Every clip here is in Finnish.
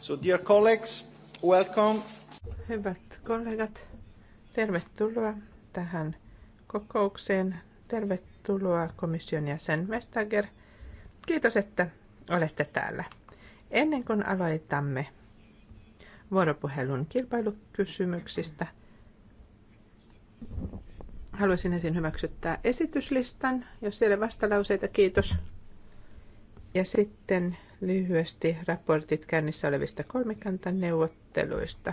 So dear colleagues, welcome. Hyvät kollegat, tervetuloa tähän kokoukseen. Tervetuloa komission jäsen Vestager. Kiitos, että olette täällä. Ennen kuin aloitamme vuoropuhelun kilpailukysymyksistä, haluaisin ensin hyväksyttää esityslistan. Jos siellä vastalauseita, kiitos. Ja sitten lyhyesti raportit käynnissä olevista kolmikantaneuvotteluista.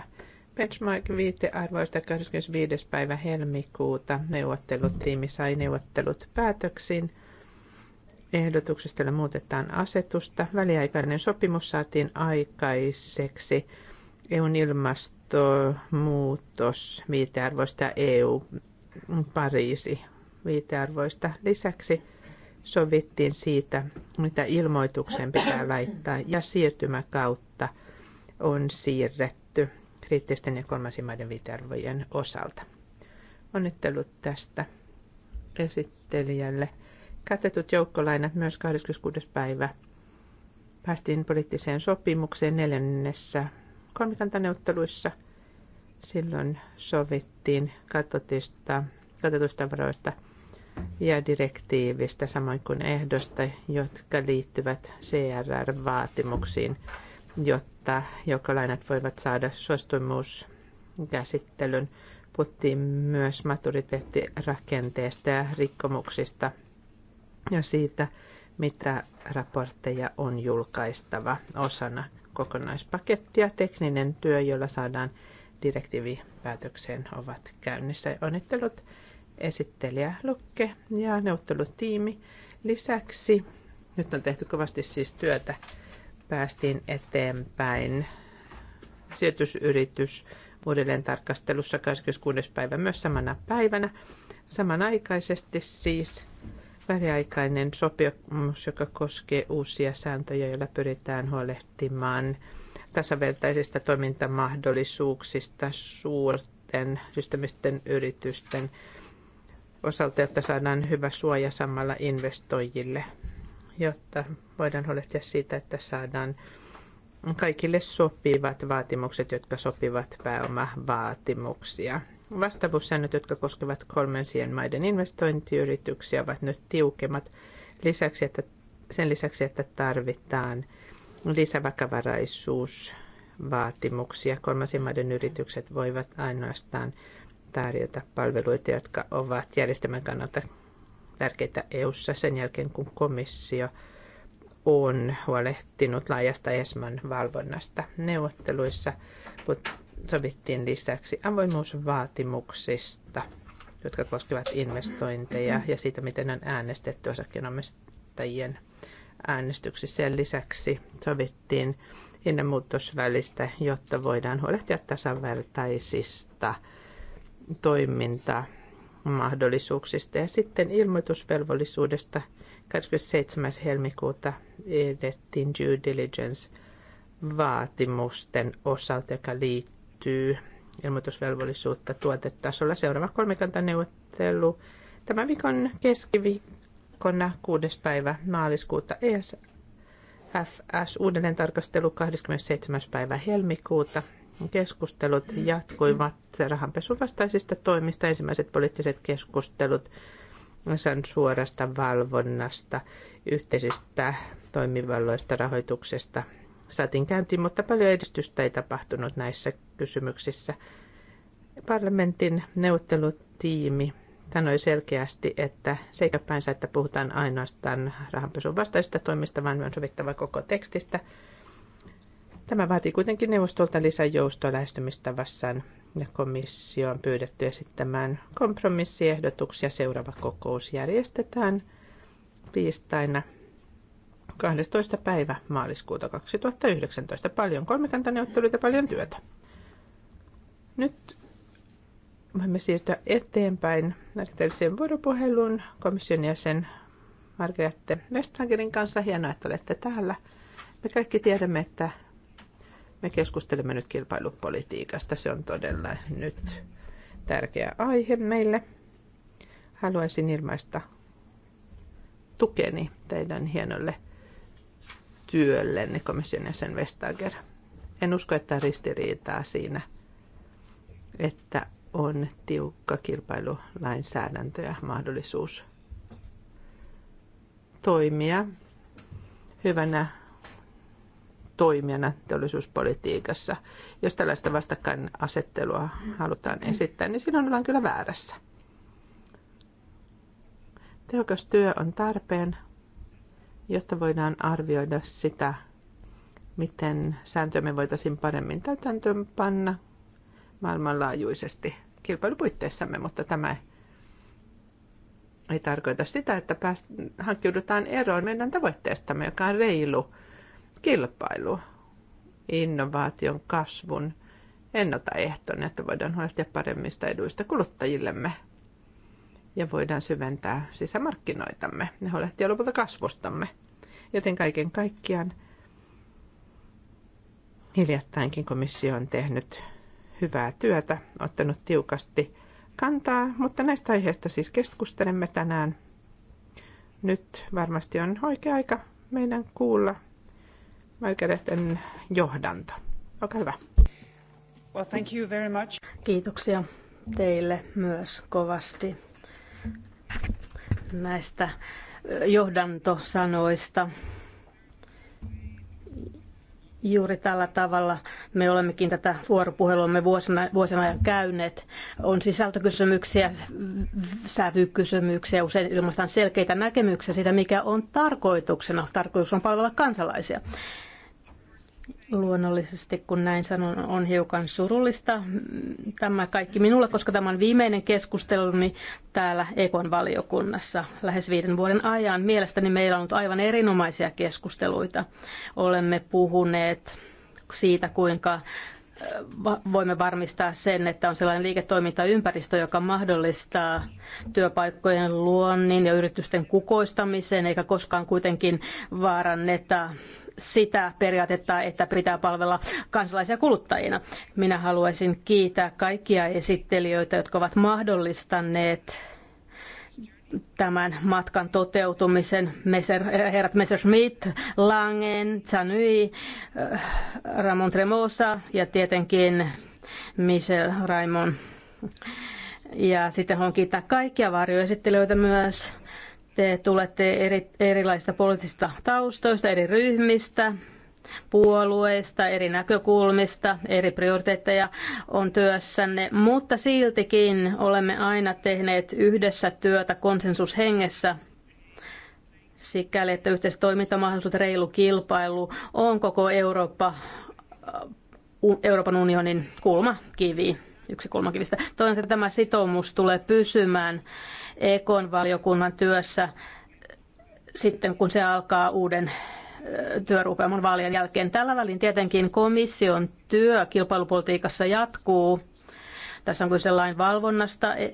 Benchmark-viitearvoista 25. päivä helmikuuta neuvottelutiimi sai neuvottelut päätöksiin. Ehdotuksesta muutetaan asetusta. Väliaikainen sopimus saatiin aikaiseksi EUn ilmastonmuutos viitearvoista EU Pariisi viitearvoista lisäksi – sovittiin siitä, mitä ilmoituksen pitää laittaa ja siirtymäkautta on siirretty kriittisten ja kolmansien maiden viitearvojen osalta. Onnittelut tästä esittelijälle. Katetut joukkolainat myös 26. päivä. Päästiin poliittiseen sopimukseen neljännessä kolmikantaneuvotteluissa. Silloin sovittiin katetuista varoista – ja direktiivistä samoin kuin ehdosta, jotka liittyvät CRR-vaatimuksiin, jotta joukkolainat voivat saada suostumuskäsittelyn. Puhuttiin myös maturiteettirakenteesta ja rikkomuksista ja siitä, mitä raportteja on julkaistava osana kokonaispakettia. Tekninen työ, jolla saadaan direktiivipäätökseen, ovat käynnissä. Onnittelut esittelijä Lukke ja neuvottelutiimi. Lisäksi nyt on tehty kovasti siis työtä. Päästiin eteenpäin sijoitusyritys uudelleen tarkastelussa 26. päivä myös samana päivänä. Samanaikaisesti siis väliaikainen sopimus, joka koskee uusia sääntöjä, joilla pyritään huolehtimaan tasavertaisista toimintamahdollisuuksista suurten systeemisten yritysten osalta, jotta saadaan hyvä suoja samalla investoijille, jotta voidaan huolehtia siitä, että saadaan kaikille sopivat vaatimukset, jotka sopivat pääomavaatimuksia. Vastavuussäännöt, jotka koskevat kolmensien maiden investointiyrityksiä, ovat nyt tiukemmat lisäksi, että, sen lisäksi, että tarvitaan lisävakavaraisuusvaatimuksia. Kolmansien maiden yritykset voivat ainoastaan tarjota palveluita, jotka ovat järjestelmän kannalta tärkeitä EU:ssa sen jälkeen, kun komissio on huolehtinut laajasta ESMAn valvonnasta neuvotteluissa, mutta sovittiin lisäksi avoimuusvaatimuksista, jotka koskevat investointeja ja siitä, miten on äänestetty osakkeenomistajien äänestyksissä. Sen lisäksi sovittiin hinnanmuutosvälistä, jotta voidaan huolehtia tasavertaisista toimintamahdollisuuksista mahdollisuuksista. Ja sitten ilmoitusvelvollisuudesta 27. helmikuuta edettiin due diligence vaatimusten osalta, joka liittyy ilmoitusvelvollisuutta tuotetasolla. Seuraava kolmikantaneuvottelu tämän viikon keskiviikkona 6. päivä maaliskuuta ESFS uudelleen tarkastelu 27. päivä helmikuuta Keskustelut jatkuivat rahanpesuvastaisista toimista, ensimmäiset poliittiset keskustelut sen suorasta valvonnasta, yhteisistä toimivalloista, rahoituksesta saatiin käyntiin, mutta paljon edistystä ei tapahtunut näissä kysymyksissä. Parlamentin neuvottelutiimi sanoi selkeästi, että sekä päänsä, että puhutaan ainoastaan rahanpesun vastaisista toimista, vaan on sovittava koko tekstistä – Tämä vaatii kuitenkin neuvostolta lisäjoustoa lähestymistavassaan ja komissio on pyydetty esittämään kompromissiehdotuksia. Seuraava kokous järjestetään tiistaina 12. päivä maaliskuuta 2019. Paljon kolmikantaneuvotteluita, paljon työtä. Nyt voimme siirtyä eteenpäin rakenteelliseen vuoropuheluun komission jäsen Margrethe Vestagerin kanssa. Hienoa, että olette täällä. Me kaikki tiedämme, että me keskustelemme nyt kilpailupolitiikasta. Se on todella nyt tärkeä aihe meille. Haluaisin ilmaista tukeni teidän hienolle työlle, komission jäsen Vestager. En usko, että ristiriitaa siinä, että on tiukka kilpailulainsäädäntö ja mahdollisuus toimia hyvänä toimijana teollisuuspolitiikassa. Jos tällaista vastakkainasettelua halutaan esittää, niin silloin ollaan kyllä väärässä. Tehokas työ on tarpeen, jotta voidaan arvioida sitä, miten sääntömme voitaisiin paremmin täytäntöön panna maailmanlaajuisesti kilpailupuitteissamme, mutta tämä ei tarkoita sitä, että pääst- hankkiudutaan eroon meidän tavoitteestamme, joka on reilu kilpailu innovaation kasvun ennaltaehtona, että voidaan huolehtia paremmista eduista kuluttajillemme ja voidaan syventää sisämarkkinoitamme ja huolehtia lopulta kasvustamme. Joten kaiken kaikkiaan hiljattainkin komissio on tehnyt hyvää työtä, ottanut tiukasti kantaa, mutta näistä aiheista siis keskustelemme tänään. Nyt varmasti on oikea aika meidän kuulla oikeudetten johdanto. Olkaa hyvä. Well, thank you very much. Kiitoksia teille myös kovasti näistä johdantosanoista. Juuri tällä tavalla me olemmekin tätä vuoropuheluamme vuosina, vuosina ajan käyneet. On sisältökysymyksiä, sävykysymyksiä, usein ilmaistaan selkeitä näkemyksiä siitä, mikä on tarkoituksena. Tarkoitus on palvella kansalaisia. Luonnollisesti, kun näin sanon, on hiukan surullista tämä kaikki minulle, koska tämä on viimeinen keskusteluni täällä Ekon valiokunnassa lähes viiden vuoden ajan. Mielestäni meillä on ollut aivan erinomaisia keskusteluita. Olemme puhuneet siitä, kuinka voimme varmistaa sen, että on sellainen liiketoimintaympäristö, joka mahdollistaa työpaikkojen luonnin ja yritysten kukoistamisen, eikä koskaan kuitenkin vaaranneta sitä periaatetta, että pitää palvella kansalaisia kuluttajina. Minä haluaisin kiittää kaikkia esittelijöitä, jotka ovat mahdollistaneet tämän matkan toteutumisen. Messer, herrat Messerschmitt, Langen, Zanui, äh, Ramon Tremosa ja tietenkin Michel Raimon. Ja sitten haluan kiittää kaikkia varjoesittelijöitä myös te tulette eri, erilaisista poliittisista taustoista, eri ryhmistä, puolueista, eri näkökulmista, eri prioriteetteja on työssänne, mutta siltikin olemme aina tehneet yhdessä työtä konsensushengessä sikäli, että yhteiset toimintamahdollisuudet, reilu kilpailu on koko Eurooppa, Euroopan unionin kulmakivi, yksi kulmakivistä. Toivon, että tämä sitoumus tulee pysymään EK-valiokunnan työssä sitten, kun se alkaa uuden työrupeaman vaalien jälkeen. Tällä välin tietenkin komission työ kilpailupolitiikassa jatkuu. Tässä on kyse lain valvonnasta. E, e,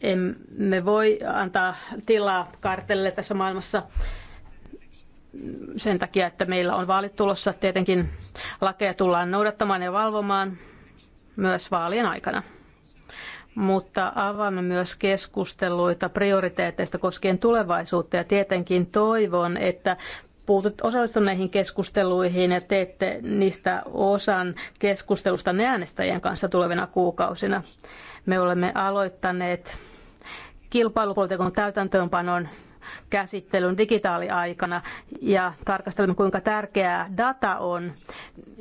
Emme voi antaa tilaa kartelle tässä maailmassa sen takia, että meillä on vaalit tulossa. Tietenkin lakeja tullaan noudattamaan ja valvomaan myös vaalien aikana mutta avaamme myös keskusteluita prioriteeteista koskien tulevaisuutta ja tietenkin toivon, että puutut osallistuneihin keskusteluihin ja teette niistä osan keskustelusta äänestäjien kanssa tulevina kuukausina. Me olemme aloittaneet kilpailupolitiikan täytäntöönpanon käsittelyn digitaaliaikana ja tarkastelemme, kuinka tärkeää data on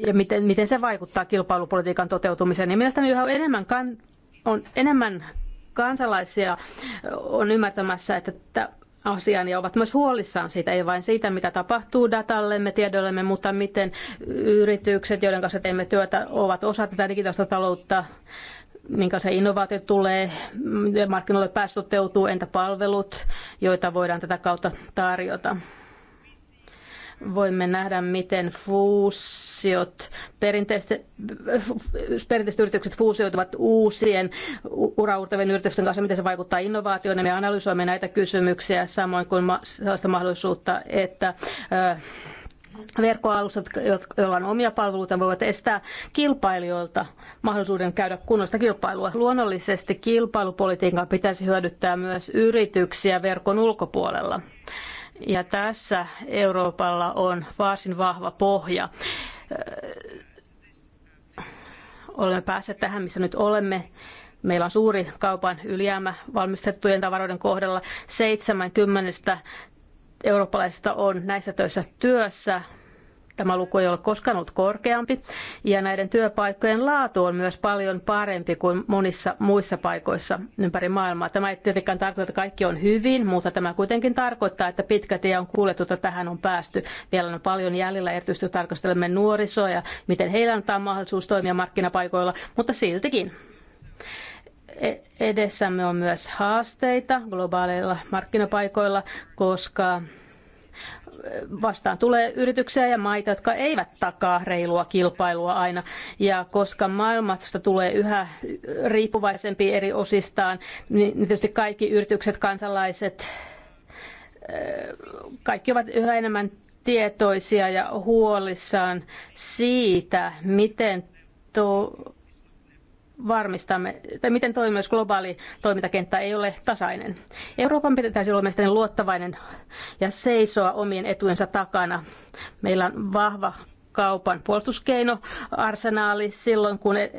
ja miten, miten se vaikuttaa kilpailupolitiikan toteutumiseen. Ja mielestäni yhä enemmän kan- on enemmän kansalaisia on ymmärtämässä, että asian ja ovat myös huolissaan siitä, ei vain siitä, mitä tapahtuu datallemme, tiedollemme, mutta miten yritykset, joiden kanssa teemme työtä, ovat osa tätä digitaalista taloutta, minkälaisia innovaatio tulee, markkinoille pääsy toteutuu, entä palvelut, joita voidaan tätä kautta tarjota. Voimme nähdä, miten fuusiot, perinteiset, perinteiset yritykset fuusioituvat uusien uraurtavien yritysten kanssa, miten se vaikuttaa innovaatioon. Me analysoimme näitä kysymyksiä samoin kuin sellaista mahdollisuutta, että verkkoalustat, joilla on omia palveluita, voivat estää kilpailijoilta mahdollisuuden käydä kunnosta kilpailua. Luonnollisesti kilpailupolitiikan pitäisi hyödyttää myös yrityksiä verkon ulkopuolella. Ja tässä Euroopalla on varsin vahva pohja. Olemme päässeet tähän, missä nyt olemme. Meillä on suuri kaupan ylijäämä valmistettujen tavaroiden kohdalla. 70 eurooppalaisista on näissä töissä työssä. Tämä luku ei ole koskaan ollut korkeampi ja näiden työpaikkojen laatu on myös paljon parempi kuin monissa muissa paikoissa ympäri maailmaa. Tämä ei tietenkään tarkoita, että kaikki on hyvin, mutta tämä kuitenkin tarkoittaa, että pitkä tie on kuljettu, että tähän on päästy. Vielä on paljon jäljellä, erityisesti tarkastelemme nuorisoa ja miten heillä antaa mahdollisuus toimia markkinapaikoilla, mutta siltikin e- edessämme on myös haasteita globaaleilla markkinapaikoilla, koska vastaan tulee yrityksiä ja maita, jotka eivät takaa reilua kilpailua aina. Ja koska maailmasta tulee yhä riippuvaisempi eri osistaan, niin tietysti kaikki yritykset, kansalaiset, eh, kaikki ovat yhä enemmän tietoisia ja huolissaan siitä, miten to- varmistamme, tai miten toimii, jos globaali toimintakenttä ei ole tasainen. Euroopan pitäisi olla mielestäni luottavainen ja seisoa omien etujensa takana. Meillä on vahva kaupan puolustuskeino, arsenaali silloin, kun eh,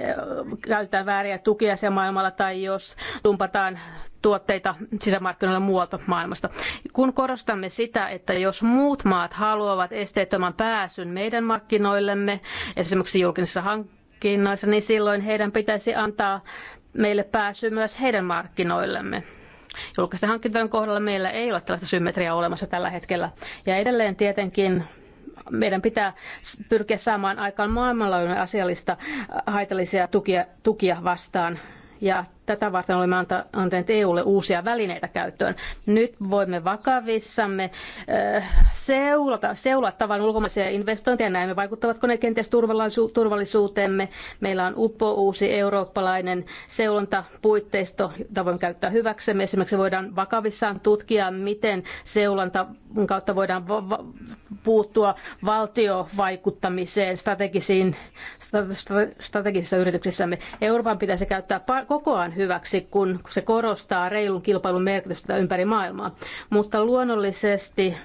käytetään vääriä tukia se maailmalla tai jos tumpataan tuotteita sisämarkkinoilla muualta maailmasta. Kun korostamme sitä, että jos muut maat haluavat esteettömän pääsyn meidän markkinoillemme, esimerkiksi julkisissa hankkeissa, markkinoissa, niin silloin heidän pitäisi antaa meille pääsy myös heidän markkinoillemme. Julkisten hankintojen kohdalla meillä ei ole tällaista symmetriaa olemassa tällä hetkellä. Ja edelleen tietenkin meidän pitää pyrkiä saamaan aikaan maailmanlaajuinen asiallista haitallisia tukia, tukia vastaan. Ja tätä varten olemme antaneet EUlle uusia välineitä käyttöön. Nyt voimme vakavissamme äh, seulata, seulata tavan ulkomaisia investointeja. Näemme, vaikuttavatko ne kenties turvallisuuteemme. Meillä on UPO, uusi eurooppalainen seulontapuitteisto, jota voimme käyttää hyväksemme. Esimerkiksi voidaan vakavissaan tutkia, miten seulanta kautta voidaan puuttua valtiovaikuttamiseen strategisiin, strategisissa yrityksissämme. Euroopan pitäisi käyttää kokoaan hyväksi, kun se korostaa reilun kilpailun merkitystä ympäri maailmaa. Mutta luonnollisesti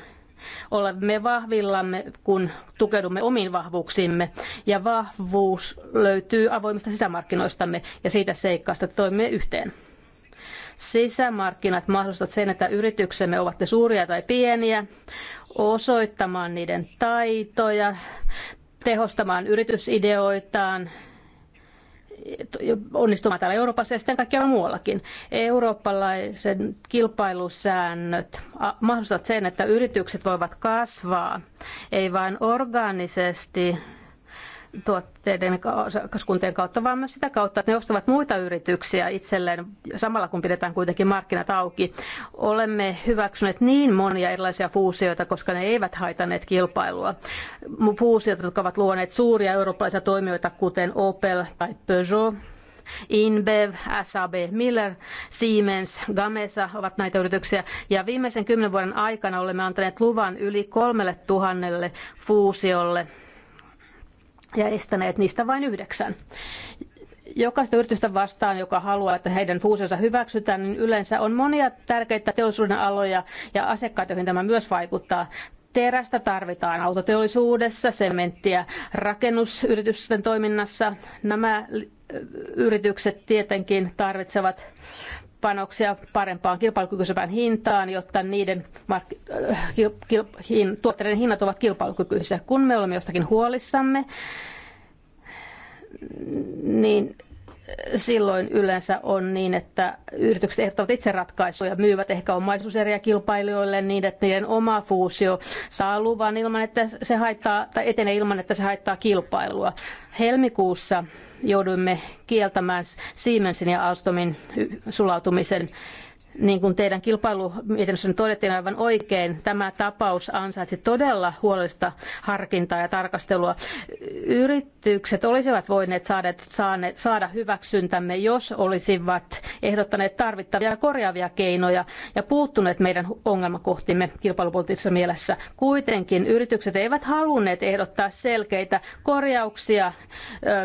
olemme vahvillamme, kun tukeudumme omiin vahvuuksiimme. Ja vahvuus löytyy avoimista sisämarkkinoistamme ja siitä seikkaasta toimimme yhteen. Sisämarkkinat mahdollistavat sen, että yrityksemme ovat ne suuria tai pieniä, osoittamaan niiden taitoja, tehostamaan yritysideoitaan onnistumaan täällä Euroopassa ja sitten kaikkialla muuallakin. Eurooppalaisen kilpailusäännöt mahdollistavat sen, että yritykset voivat kasvaa, ei vain orgaanisesti tuotteiden kaskuntien kautta, vaan myös sitä kautta, että ne ostavat muita yrityksiä itselleen samalla kun pidetään kuitenkin markkinat auki. Olemme hyväksyneet niin monia erilaisia fuusioita, koska ne eivät haitaneet kilpailua. Fuusiot jotka ovat luoneet suuria eurooppalaisia toimijoita, kuten Opel tai Peugeot, InBev, SAB Miller, Siemens, Gamesa ovat näitä yrityksiä. Ja viimeisen kymmenen vuoden aikana olemme antaneet luvan yli kolmelle tuhannelle fuusiolle ja estäneet niistä vain yhdeksän. Jokaista yritystä vastaan, joka haluaa, että heidän fuusionsa hyväksytään, niin yleensä on monia tärkeitä teollisuuden aloja ja asiakkaita, joihin tämä myös vaikuttaa. Terästä tarvitaan autoteollisuudessa, sementtiä rakennusyritysten toiminnassa. Nämä yritykset tietenkin tarvitsevat panoksia parempaan kilpailukykyisempään hintaan, jotta niiden mark- äh, hin- tuotteiden hinnat ovat kilpailukykyisiä. Kun me olemme jostakin huolissamme, niin silloin yleensä on niin, että yritykset ehdottavat itse ratkaisuja, myyvät ehkä omaisuuseriä kilpailijoille niin, että niiden oma fuusio saa luvan ilman, että se haittaa, tai etenee ilman, että se haittaa kilpailua. Helmikuussa jouduimme kieltämään Siemensin ja Alstomin sulautumisen niin kuin teidän kilpailumietinnössänne todettiin aivan oikein, tämä tapaus ansaitsi todella huolellista harkintaa ja tarkastelua. Yritykset olisivat voineet saada, saane, saada hyväksyntämme, jos olisivat ehdottaneet tarvittavia ja korjaavia keinoja ja puuttuneet meidän ongelmakohtimme kilpailupolitiikassa mielessä. Kuitenkin yritykset eivät halunneet ehdottaa selkeitä korjauksia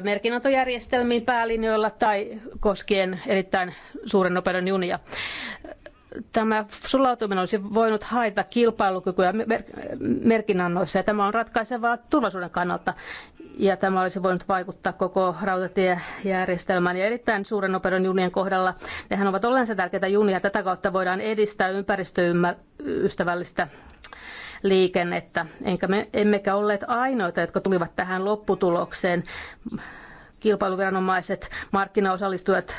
merkinnantojärjestelmiin päälinjoilla tai koskien erittäin suuren nopeuden junia tämä sulautuminen olisi voinut haitata kilpailukykyä merkinnannoissa ja tämä on ratkaisevaa turvallisuuden kannalta ja tämä olisi voinut vaikuttaa koko rautatiejärjestelmään ja erittäin suuren nopeuden junien kohdalla. Nehän ovat olleensa tärkeitä junia. Tätä kautta voidaan edistää ympäristöystävällistä liikennettä. Enkä me, emmekä olleet ainoita, jotka tulivat tähän lopputulokseen. Kilpailuviranomaiset, markkinaosallistujat,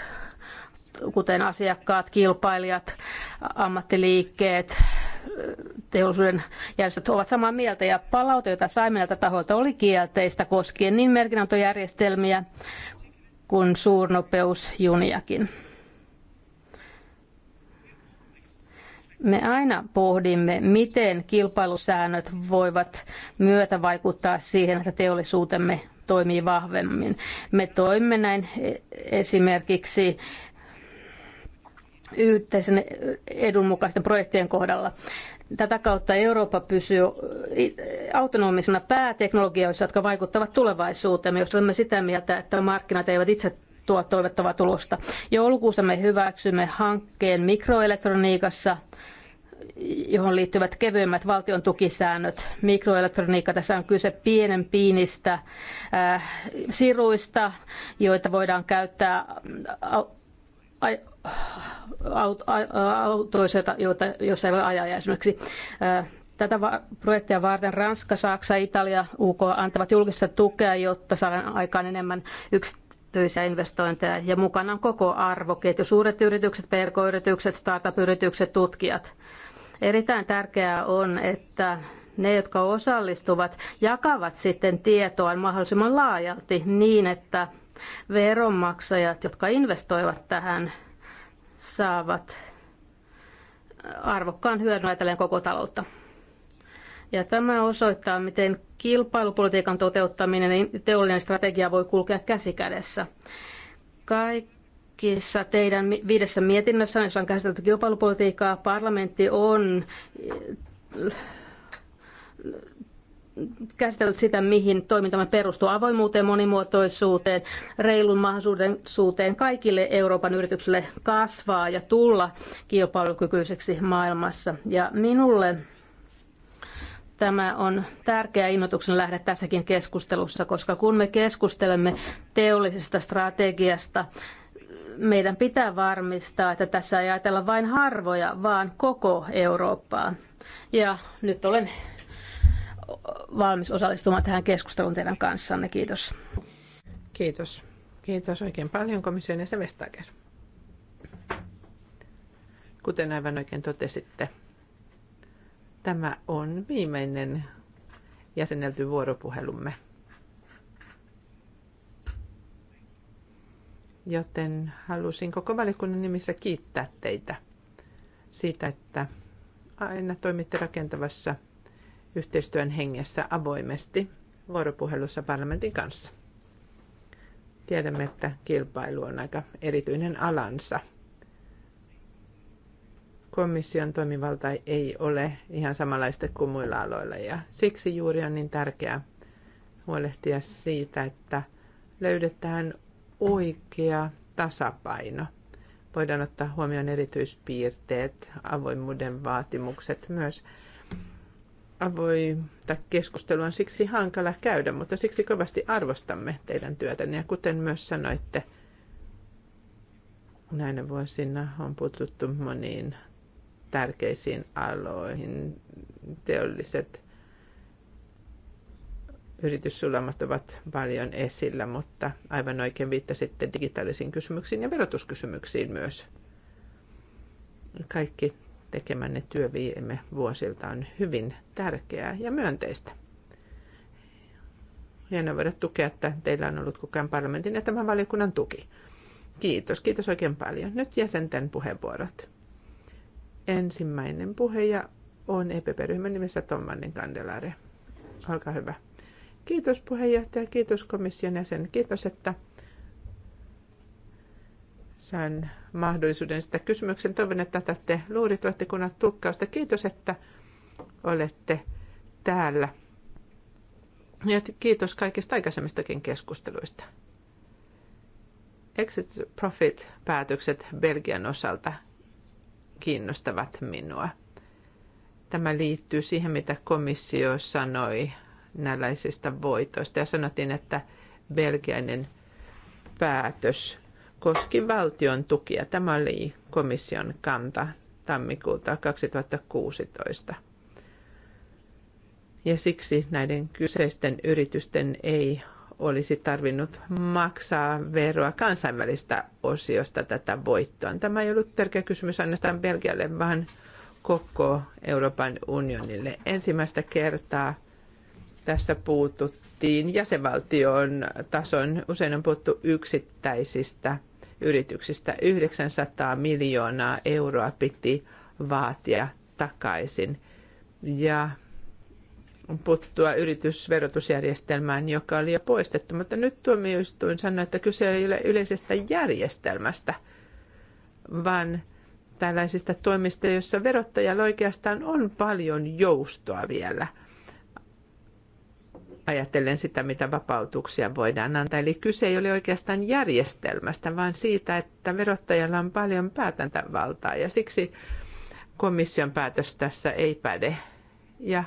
kuten asiakkaat, kilpailijat, ammattiliikkeet, teollisuuden järjestöt ovat samaa mieltä ja palaute, jota saimme näiltä tahoilta, oli kielteistä koskien niin merkinantojärjestelmiä kuin suurnopeusjuniakin. Me aina pohdimme, miten kilpailusäännöt voivat myötä vaikuttaa siihen, että teollisuutemme toimii vahvemmin. Me toimme näin e- esimerkiksi yhteisen edun mukaisten projektien kohdalla. Tätä kautta Eurooppa pysyy autonomisena pääteknologioissa, jotka vaikuttavat tulevaisuuteen. jos olemme sitä mieltä, että markkinat eivät itse tuo toivottavaa tulosta. Joulukuussa me hyväksymme hankkeen mikroelektroniikassa, johon liittyvät kevyemmät valtion tukisäännöt. Mikroelektroniikka, tässä on kyse pienen piinistä äh, siruista, joita voidaan käyttää autoissa, joita, joissa ei voi ajaa esimerkiksi. Tätä projektia varten Ranska, Saksa, Italia, UK antavat julkista tukea, jotta saadaan aikaan enemmän yksityisiä investointeja. Ja mukana on koko arvoketju, suuret yritykset, pk-yritykset, startup-yritykset, tutkijat. Erittäin tärkeää on, että ne, jotka osallistuvat, jakavat sitten tietoaan mahdollisimman laajalti niin, että veronmaksajat, jotka investoivat tähän saavat arvokkaan hyödyn ajatellen koko taloutta. Ja tämä osoittaa, miten kilpailupolitiikan toteuttaminen ja teollinen strategia voi kulkea käsi kädessä. Kaikissa teidän viidessä mietinnössä, jossa on käsitelty kilpailupolitiikkaa, parlamentti on käsitellyt sitä, mihin toimintamme perustuu avoimuuteen, monimuotoisuuteen, reilun mahdollisuuteen kaikille Euroopan yrityksille kasvaa ja tulla kilpailukykyiseksi maailmassa. Ja minulle tämä on tärkeä innotuksen lähde tässäkin keskustelussa, koska kun me keskustelemme teollisesta strategiasta, meidän pitää varmistaa, että tässä ei ajatella vain harvoja, vaan koko Eurooppaa. Ja nyt olen valmis osallistumaan tähän keskusteluun teidän kanssanne. Kiitos. Kiitos. Kiitos oikein paljon komission jäsen Vestager. Kuten aivan oikein totesitte, tämä on viimeinen jäsennelty vuoropuhelumme. Joten halusin koko valiokunnan nimissä kiittää teitä siitä, että aina toimitte rakentavassa – yhteistyön hengessä avoimesti vuoropuhelussa parlamentin kanssa. Tiedämme, että kilpailu on aika erityinen alansa. Komission toimivalta ei ole ihan samanlaista kuin muilla aloilla ja siksi juuri on niin tärkeää huolehtia siitä, että löydetään oikea tasapaino. Voidaan ottaa huomioon erityispiirteet, avoimuuden vaatimukset, myös avointa keskustelua on siksi hankala käydä, mutta siksi kovasti arvostamme teidän työtänne. Ja kuten myös sanoitte, näinä vuosina on puututtu moniin tärkeisiin aloihin. Teolliset yrityssulamat ovat paljon esillä, mutta aivan oikein viittasitte digitaalisiin kysymyksiin ja verotuskysymyksiin myös. Kaikki tekemänne työ viime vuosilta on hyvin tärkeää ja myönteistä. Hienoa voida tukea, että teillä on ollut kukaan parlamentin ja tämän valiokunnan tuki. Kiitos, kiitos oikein paljon. Nyt jäsenten puheenvuorot. Ensimmäinen puheja on EPP-ryhmän nimessä Tommanin Kandelare. Olkaa hyvä. Kiitos puheenjohtaja, kiitos komission jäsen, kiitos, että sain mahdollisuuden sitä kysymyksen. Toivon, että otatte luurit, voitte kunnat tulkkausta. Kiitos, että olette täällä. Ja kiitos kaikista aikaisemmistakin keskusteluista. Exit Profit-päätökset Belgian osalta kiinnostavat minua. Tämä liittyy siihen, mitä komissio sanoi näläisistä voitoista. Ja sanottiin, että belgiainen päätös koski valtion tukia. Tämä oli komission kanta tammikuuta 2016. Ja siksi näiden kyseisten yritysten ei olisi tarvinnut maksaa veroa kansainvälistä osiosta tätä voittoa. Tämä ei ollut tärkeä kysymys ainoastaan Belgialle, vaan koko Euroopan unionille. Ensimmäistä kertaa tässä puututtiin jäsenvaltion tason. Usein on puhuttu yksittäisistä yrityksistä. 900 miljoonaa euroa piti vaatia takaisin ja puuttua yritysverotusjärjestelmään, joka oli jo poistettu, mutta nyt tuomioistuin sanoi, että kyse ei ole yleisestä järjestelmästä, vaan tällaisista toimista, joissa verottajalla oikeastaan on paljon joustoa vielä – ajatellen sitä, mitä vapautuksia voidaan antaa. Eli kyse ei ole oikeastaan järjestelmästä, vaan siitä, että verottajalla on paljon päätäntävaltaa ja siksi komission päätös tässä ei päde. Ja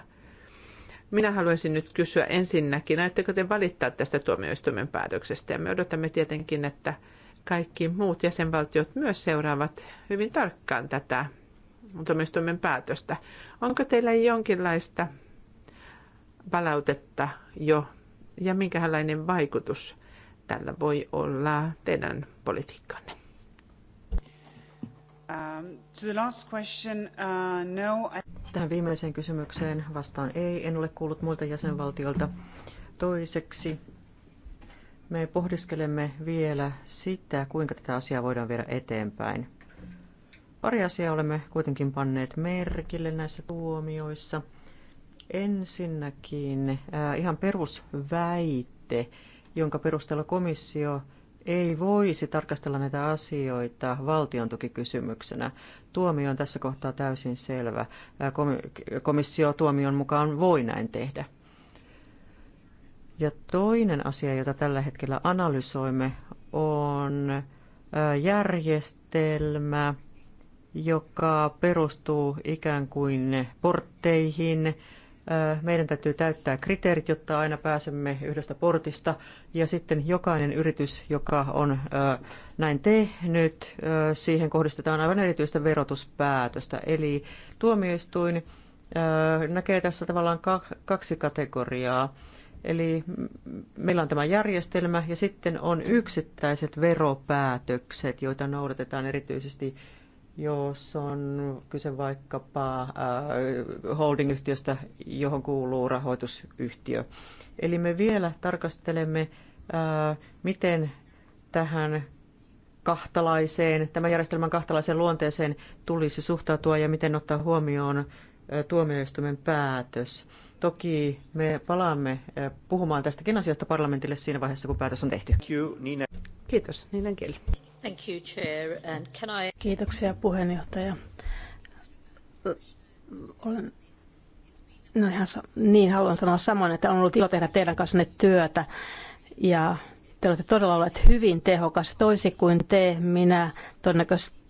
minä haluaisin nyt kysyä ensinnäkin, ajatteko te valittaa tästä tuomioistuimen päätöksestä? Ja me odotamme tietenkin, että kaikki muut jäsenvaltiot myös seuraavat hyvin tarkkaan tätä tuomioistuimen päätöstä. Onko teillä jonkinlaista palautetta jo ja minkälainen vaikutus tällä voi olla teidän politiikkanne? Um, uh, no, Tähän viimeiseen kysymykseen vastaan ei. En ole kuullut muilta jäsenvaltioilta. Toiseksi me pohdiskelemme vielä sitä, kuinka tätä asiaa voidaan viedä eteenpäin. Pari asiaa olemme kuitenkin panneet merkille näissä tuomioissa – Ensinnäkin äh, ihan perusväite, jonka perusteella komissio ei voisi tarkastella näitä asioita valtiontukikysymyksenä. Tuomio on tässä kohtaa täysin selvä. Äh, komissio tuomion mukaan voi näin tehdä. Ja toinen asia, jota tällä hetkellä analysoimme, on äh, järjestelmä, joka perustuu ikään kuin portteihin, meidän täytyy täyttää kriteerit, jotta aina pääsemme yhdestä portista. Ja sitten jokainen yritys, joka on näin tehnyt, siihen kohdistetaan aivan erityistä verotuspäätöstä. Eli tuomioistuin näkee tässä tavallaan kaksi kategoriaa. Eli meillä on tämä järjestelmä ja sitten on yksittäiset veropäätökset, joita noudatetaan erityisesti jos on kyse vaikkapa äh, holdingyhtiöstä, johon kuuluu rahoitusyhtiö. Eli me vielä tarkastelemme, äh, miten tähän kahtalaiseen, tämän järjestelmän kahtalaiseen luonteeseen tulisi suhtautua ja miten ottaa huomioon äh, tuomioistuimen päätös. Toki me palaamme puhumaan tästäkin asiasta parlamentille siinä vaiheessa, kun päätös on tehty. Kiitos, Niina Kiel. Thank you, Chair. And can I... Kiitoksia puheenjohtaja. Olen No ihan, niin haluan sanoa samoin, että on ollut ilo tehdä teidän kanssanne työtä ja te olette todella olleet hyvin tehokas. Toisin kuin te, minä todennäköisesti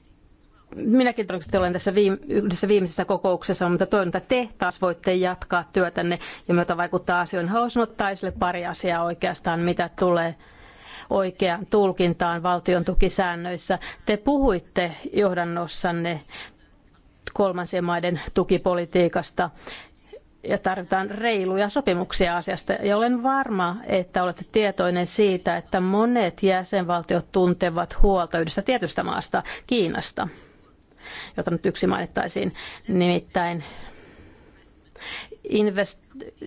Minäkin todennäköisesti olen tässä yhdessä viimeisessä kokouksessa, mutta toivon, että te taas voitte jatkaa työtänne ja myötä vaikuttaa asioihin. Haluaisin ottaa esille pari asiaa oikeastaan, mitä tulee oikeaan tulkintaan valtion tukisäännöissä. Te puhuitte johdannossanne kolmansien maiden tukipolitiikasta ja tarvitaan reiluja sopimuksia asiasta. Ja olen varma, että olette tietoinen siitä, että monet jäsenvaltiot tuntevat huolta yhdestä tietystä maasta, Kiinasta, jota nyt yksi mainittaisiin, nimittäin invest-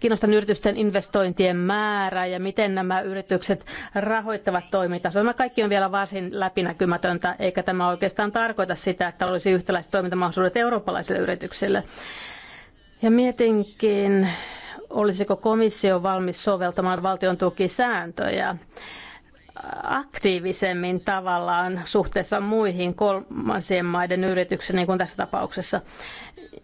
kiinnostan yritysten investointien määrää ja miten nämä yritykset rahoittavat toimintansa. Tämä kaikki on vielä varsin läpinäkymätöntä, eikä tämä oikeastaan tarkoita sitä, että olisi yhtäläiset toimintamahdollisuudet eurooppalaisille yrityksille. Ja mietinkin, olisiko komissio valmis soveltamaan valtion tukisääntöjä aktiivisemmin tavallaan suhteessa muihin kolmansien maiden yrityksiin, niin kuin tässä tapauksessa.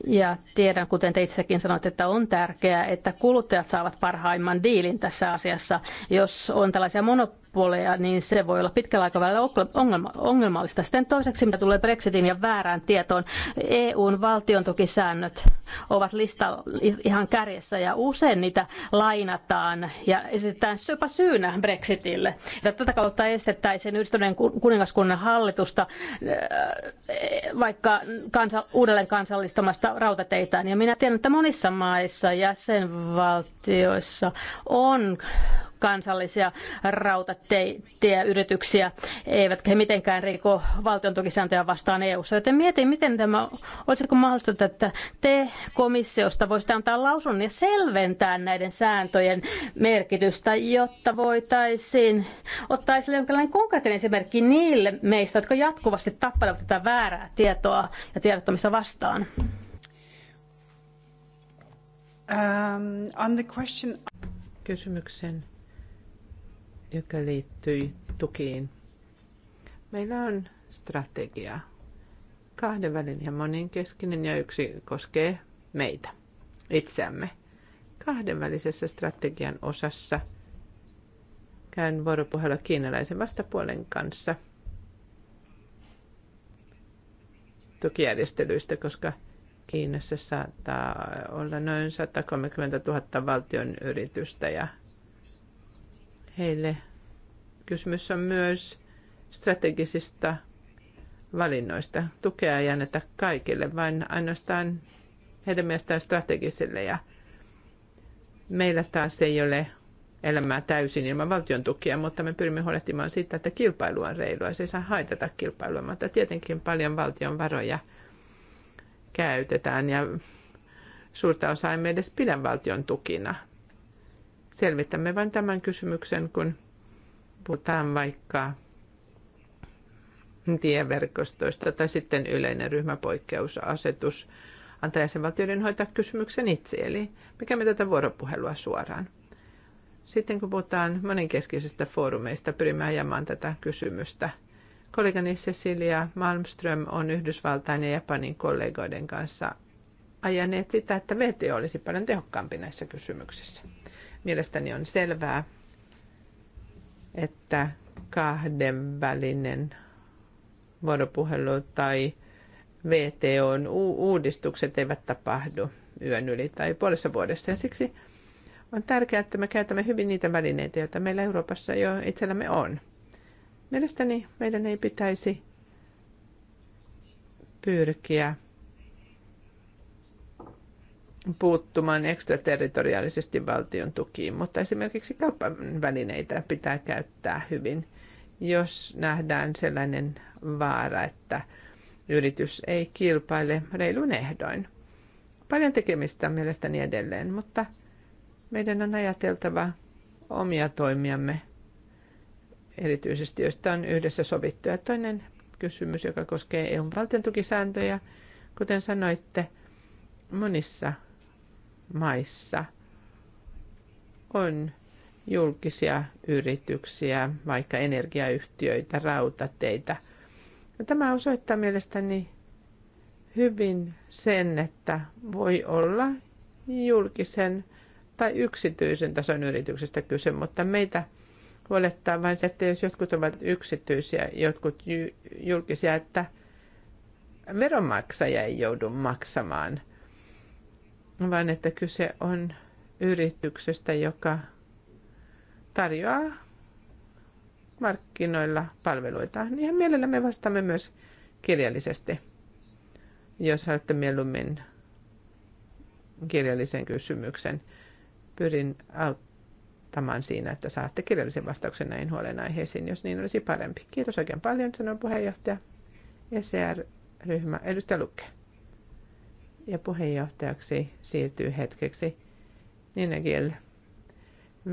Ja tiedän, kuten te itsekin sanoitte, että on tärkeää, että kuluttajat saavat parhaimman diilin tässä asiassa. Jos on tällaisia monopoleja, puoleja, niin se voi olla pitkällä aikavälillä ongelma, ongelmallista. Sitten toiseksi, mitä tulee Brexitin ja väärään tietoon, EUn valtiontukisäännöt ovat listalla ihan kärjessä ja usein niitä lainataan ja esitetään jopa syynä Brexitille. Ja tätä kautta estettäisiin yhdistyneen kuningaskunnan hallitusta äh, vaikka kansa, uudelleen kansallistamasta rautateitään. Ja minä tiedän, että monissa maissa, jäsenvaltioissa on kansallisia rautatieyrityksiä, eivätkä he mitenkään riko valtion tukisääntöjä vastaan EU-ssa. Joten mietin, miten tämä, olisiko mahdollista, että te komissiosta voisitte antaa lausunnon ja selventää näiden sääntöjen merkitystä, jotta voitaisiin ottaa esille jonkinlainen konkreettinen esimerkki niille meistä, jotka jatkuvasti tappelevat tätä väärää tietoa ja tiedottamista vastaan. Um, on the question... Kysymyksen joka liittyy tukiin. Meillä on strategia. Kahdenvälinen ja moninkeskinen ja yksi koskee meitä, itseämme. Kahdenvälisessä strategian osassa käyn vuoropuhella kiinalaisen vastapuolen kanssa tukijärjestelyistä, koska Kiinassa saattaa olla noin 130 000 valtion yritystä ja heille. Kysymys on myös strategisista valinnoista. Tukea ei anneta kaikille, vaan ainoastaan heidän mielestään strategisille. Ja meillä taas ei ole elämää täysin ilman valtion tukia, mutta me pyrimme huolehtimaan siitä, että kilpailu on reilua. Se ei saa haitata kilpailua, mutta tietenkin paljon valtion varoja käytetään ja suurta osaa emme edes pidä valtion tukina selvitämme vain tämän kysymyksen, kun puhutaan vaikka tieverkostoista tai sitten yleinen ryhmäpoikkeusasetus antaa jäsenvaltioiden hoitaa kysymyksen itse, eli mikä me tätä vuoropuhelua suoraan. Sitten kun puhutaan monenkeskisistä foorumeista, pyrimme ajamaan tätä kysymystä. Kollegani Cecilia Malmström on Yhdysvaltain ja Japanin kollegoiden kanssa ajaneet sitä, että VTO olisi paljon tehokkaampi näissä kysymyksissä. Mielestäni on selvää, että kahdenvälinen vuoropuhelu tai VTOn uudistukset eivät tapahdu yön yli tai puolessa vuodessa. Ja siksi on tärkeää, että me käytämme hyvin niitä välineitä, joita meillä Euroopassa jo itsellämme on. Mielestäni meidän ei pitäisi pyrkiä puuttumaan ekstraterritoriaalisesti valtion tukiin, mutta esimerkiksi kauppavälineitä pitää käyttää hyvin, jos nähdään sellainen vaara, että yritys ei kilpaile reilun ehdoin. Paljon tekemistä mielestäni edelleen, mutta meidän on ajateltava omia toimiamme, erityisesti joista on yhdessä sovittu. Ja toinen kysymys, joka koskee EUn valtion tukisääntöjä, kuten sanoitte, monissa maissa on julkisia yrityksiä, vaikka energiayhtiöitä, rautateitä. Ja tämä osoittaa mielestäni hyvin sen, että voi olla julkisen tai yksityisen tason yrityksestä kyse, mutta meitä huolettaa vain se, että jos jotkut ovat yksityisiä, jotkut julkisia, että veronmaksaja ei joudu maksamaan – vaan että kyse on yrityksestä, joka tarjoaa markkinoilla palveluita. Niin mielellä me vastaamme myös kirjallisesti, jos haluatte mieluummin kirjallisen kysymyksen. Pyrin auttamaan siinä, että saatte kirjallisen vastauksen näihin huolenaiheisiin, jos niin olisi parempi. Kiitos oikein paljon, sanoi puheenjohtaja. ECR-ryhmä, edustaja Lukke ja puheenjohtajaksi siirtyy hetkeksi Nina Gill.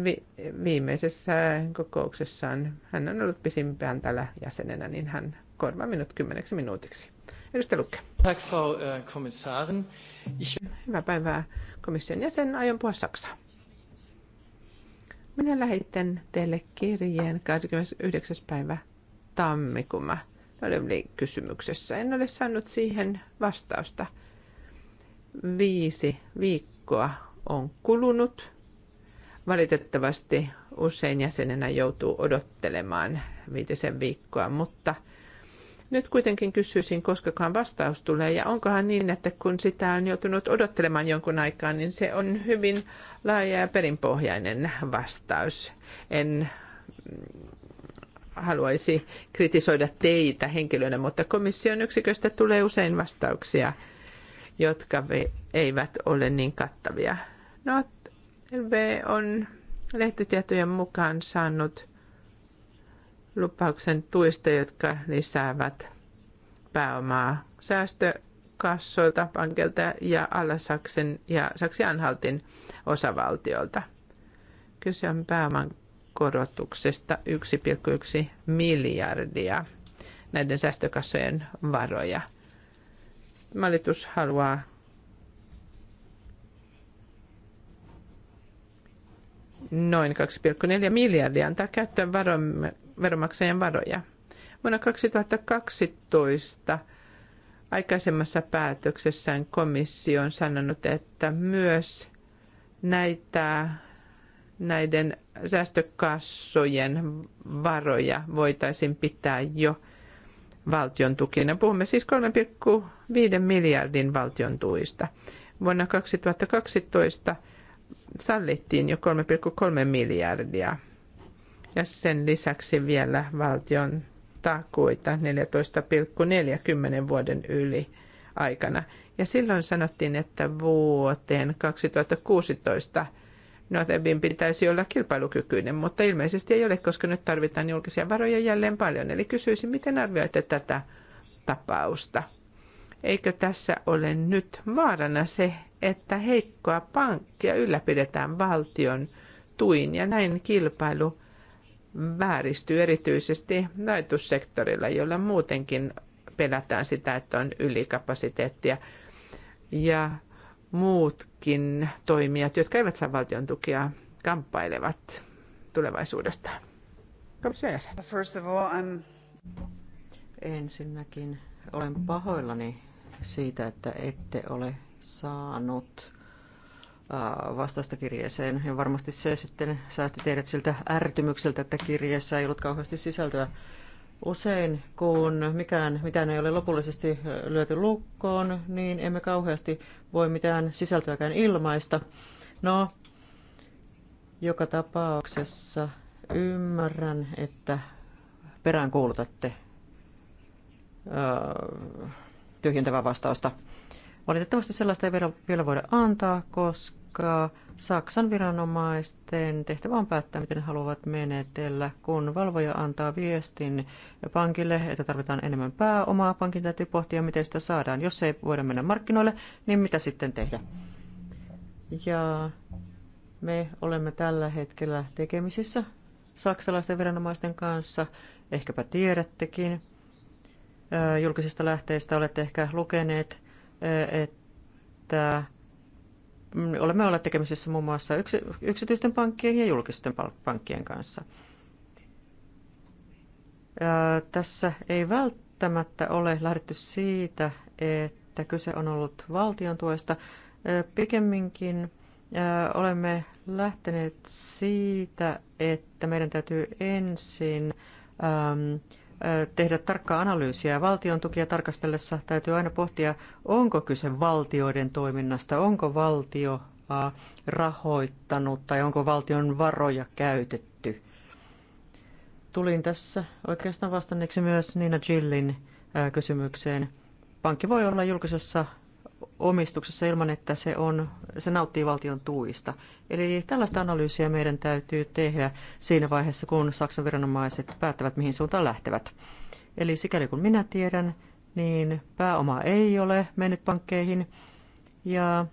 Vi- viimeisessä kokouksessaan hän on ollut pisimpään tällä jäsenenä, niin hän korvaa minut kymmeneksi minuutiksi. Edustaja Lukke. Äh, Hyvää päivää komission jäsen. Aion puhua Saksaa. Minä lähetin teille kirjeen 29. päivä tammikuuta. Oli kysymyksessä. En ole saanut siihen vastausta. Viisi viikkoa on kulunut. Valitettavasti usein jäsenenä joutuu odottelemaan viitisen viikkoa, mutta nyt kuitenkin kysyisin, koskakaan vastaus tulee ja onkohan niin, että kun sitä on joutunut odottelemaan jonkun aikaa, niin se on hyvin laaja ja perinpohjainen vastaus. En mm, haluaisi kritisoida teitä henkilönä, mutta komission yksiköstä tulee usein vastauksia – jotka eivät ole niin kattavia. No, LV on lehtitietojen mukaan saanut lupauksen tuista, jotka lisäävät pääomaa säästökassoilta, pankilta ja Alasaksen ja Saksi-Anhaltin osavaltiolta. Kyse on pääoman korotuksesta 1,1 miljardia näiden säästökassojen varoja hallitus haluaa noin 2,4 miljardia antaa käyttöön varomme, varoja. Vuonna 2012 aikaisemmassa päätöksessään komissio on sanonut, että myös näitä, näiden säästökassojen varoja voitaisiin pitää jo – valtion tukina. Puhumme siis 3,5 miljardin valtion tuista. Vuonna 2012 sallittiin jo 3,3 miljardia ja sen lisäksi vielä valtion takuita 14,40 vuoden yli aikana. Ja silloin sanottiin, että vuoteen 2016 Northebin pitäisi olla kilpailukykyinen, mutta ilmeisesti ei ole, koska nyt tarvitaan julkisia varoja jälleen paljon. Eli kysyisin, miten arvioitte tätä tapausta? Eikö tässä ole nyt vaarana se, että heikkoa pankkia ylläpidetään valtion tuin ja näin kilpailu vääristyy erityisesti näytössektorilla, jolla muutenkin pelätään sitä, että on ylikapasiteettia. Ja muutkin toimijat, jotka eivät saa valtion tukea, kamppailevat tulevaisuudestaan? First of all, I'm... Ensinnäkin olen pahoillani siitä, että ette ole saanut vastausta kirjeeseen. Ja varmasti se sitten säästi teidät siltä ärtymykseltä, että kirjeessä ei ollut kauheasti sisältöä. Usein kun mikään, mitään ei ole lopullisesti lyöty lukkoon, niin emme kauheasti voi mitään sisältöäkään ilmaista. No, joka tapauksessa ymmärrän, että peräänkuulutatte öö, tyhjentävää vastausta. Valitettavasti sellaista ei vielä voida antaa, koska koska Saksan viranomaisten tehtävä on päättää, miten haluavat menetellä. Kun valvoja antaa viestin pankille, että tarvitaan enemmän pääomaa, pankin täytyy pohtia, miten sitä saadaan. Jos ei voida mennä markkinoille, niin mitä sitten tehdä? Ja me olemme tällä hetkellä tekemisissä saksalaisten viranomaisten kanssa, ehkäpä tiedättekin. Julkisista lähteistä olette ehkä lukeneet, että olemme olleet tekemisissä muun muassa yksi, yksityisten pankkien ja julkisten pankkien kanssa. Ää, tässä ei välttämättä ole lähdetty siitä, että kyse on ollut valtion tuesta. Ää, pikemminkin ää, olemme lähteneet siitä, että meidän täytyy ensin ää, tehdä tarkkaa analyysiä. Valtion tukia tarkastellessa täytyy aina pohtia, onko kyse valtioiden toiminnasta, onko valtio rahoittanut tai onko valtion varoja käytetty. Tulin tässä oikeastaan vastanneeksi myös Nina Gillin kysymykseen. Pankki voi olla julkisessa omistuksessa ilman, että se, on, se nauttii valtion tuista. Eli tällaista analyysiä meidän täytyy tehdä siinä vaiheessa, kun Saksan viranomaiset päättävät, mihin suuntaan lähtevät. Eli sikäli kun minä tiedän, niin pääoma ei ole mennyt pankkeihin ja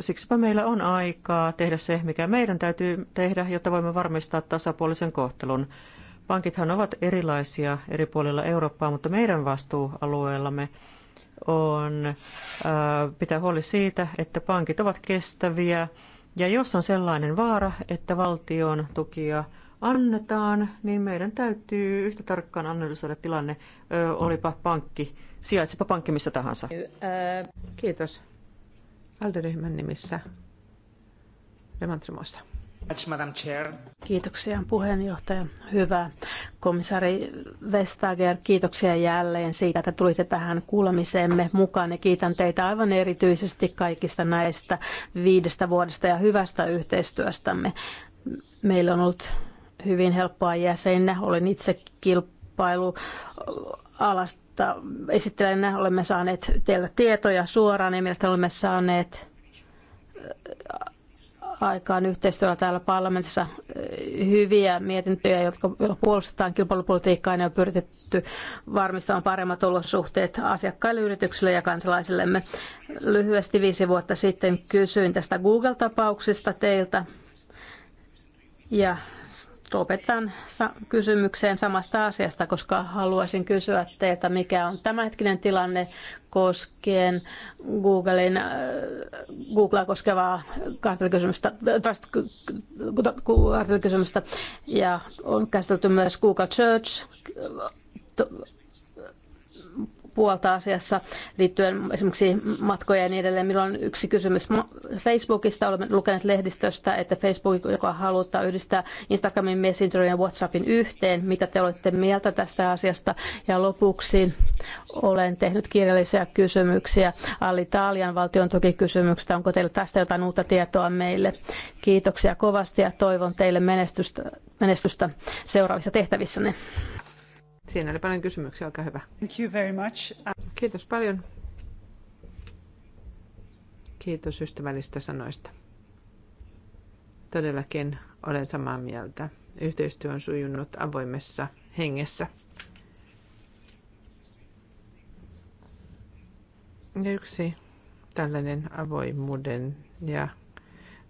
siksipä meillä on aikaa tehdä se, mikä meidän täytyy tehdä, jotta voimme varmistaa tasapuolisen kohtelun. Pankithan ovat erilaisia eri puolilla Eurooppaa, mutta meidän vastuualueellamme on pitää huoli siitä, että pankit ovat kestäviä. Ja jos on sellainen vaara, että valtion tukia annetaan, niin meidän täytyy yhtä tarkkaan analysoida tilanne, olipa pankki, sijaitsipa pankki missä tahansa. Kiitos. Alderyhmän nimissä. Kiitoksia puheenjohtaja. Hyvä. Komissaari Vestager, kiitoksia jälleen siitä, että tulitte tähän kuulemiseemme mukaan ja kiitän teitä aivan erityisesti kaikista näistä viidestä vuodesta ja hyvästä yhteistyöstämme. Meillä on ollut hyvin helppoa jäsenä. Olen itse kilpailualasta esittelen, olemme saaneet teiltä tietoja suoraan ja mielestäni olemme saaneet aikaan yhteistyöllä täällä parlamentissa hyviä mietintöjä, jotka, puolustetaan kilpailupolitiikkaa ja on pyritetty varmistamaan paremmat olosuhteet asiakkaille, yrityksille ja kansalaisillemme. Lyhyesti viisi vuotta sitten kysyin tästä Google-tapauksesta teiltä ja lopetan kysymykseen samasta asiasta, koska haluaisin kysyä teiltä, mikä on tämänhetkinen tilanne koskien Googlein, äh, Googlea koskevaa kartelikysymystä, äh, ja on käsitelty myös Google Search äh, puolta asiassa liittyen esimerkiksi matkoja ja niin edelleen. Minulla on yksi kysymys Facebookista. Olemme lukeneet lehdistöstä, että Facebook, joka haluaa yhdistää Instagramin, Messengerin ja WhatsAppin yhteen. Mitä te olette mieltä tästä asiasta? Ja lopuksi olen tehnyt kirjallisia kysymyksiä Alitalian valtion tukikysymyksestä. Onko teillä tästä jotain uutta tietoa meille? Kiitoksia kovasti ja toivon teille menestystä, menestystä seuraavissa tehtävissänne. Siinä oli paljon kysymyksiä, olkaa hyvä. Thank you very much. Kiitos paljon. Kiitos ystävällistä sanoista. Todellakin olen samaa mieltä. Yhteistyö on sujunut avoimessa hengessä. Ja yksi tällainen avoimuuden ja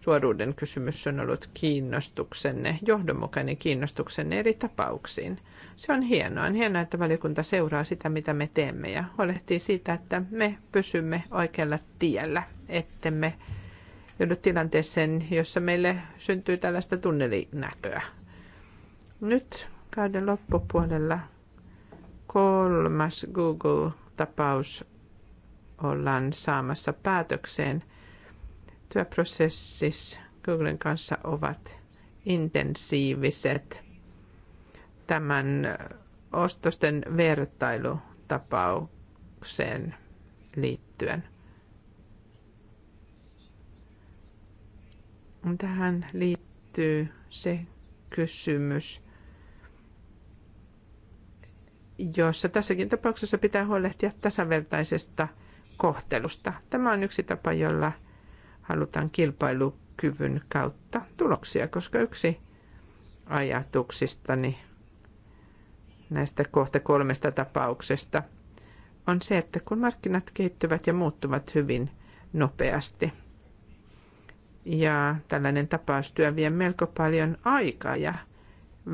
suoruuden kysymys on ollut kiinnostuksenne, johdonmukainen kiinnostuksenne eri tapauksiin. Se on hienoa. On hienoa, että valiokunta seuraa sitä, mitä me teemme ja huolehtii siitä, että me pysymme oikealla tiellä, ettemme joudu tilanteeseen, jossa meille syntyy tällaista tunnelinäköä. Nyt kauden loppupuolella kolmas Google-tapaus ollaan saamassa päätökseen – työprosessissa Googlen kanssa ovat intensiiviset tämän ostosten vertailutapaukseen liittyen. Tähän liittyy se kysymys, jossa tässäkin tapauksessa pitää huolehtia tasavertaisesta kohtelusta. Tämä on yksi tapa, jolla – halutaan kilpailukyvyn kautta tuloksia, koska yksi ajatuksistani näistä kohta kolmesta tapauksesta on se, että kun markkinat kehittyvät ja muuttuvat hyvin nopeasti, ja tällainen tapaustyö vie melko paljon aikaa ja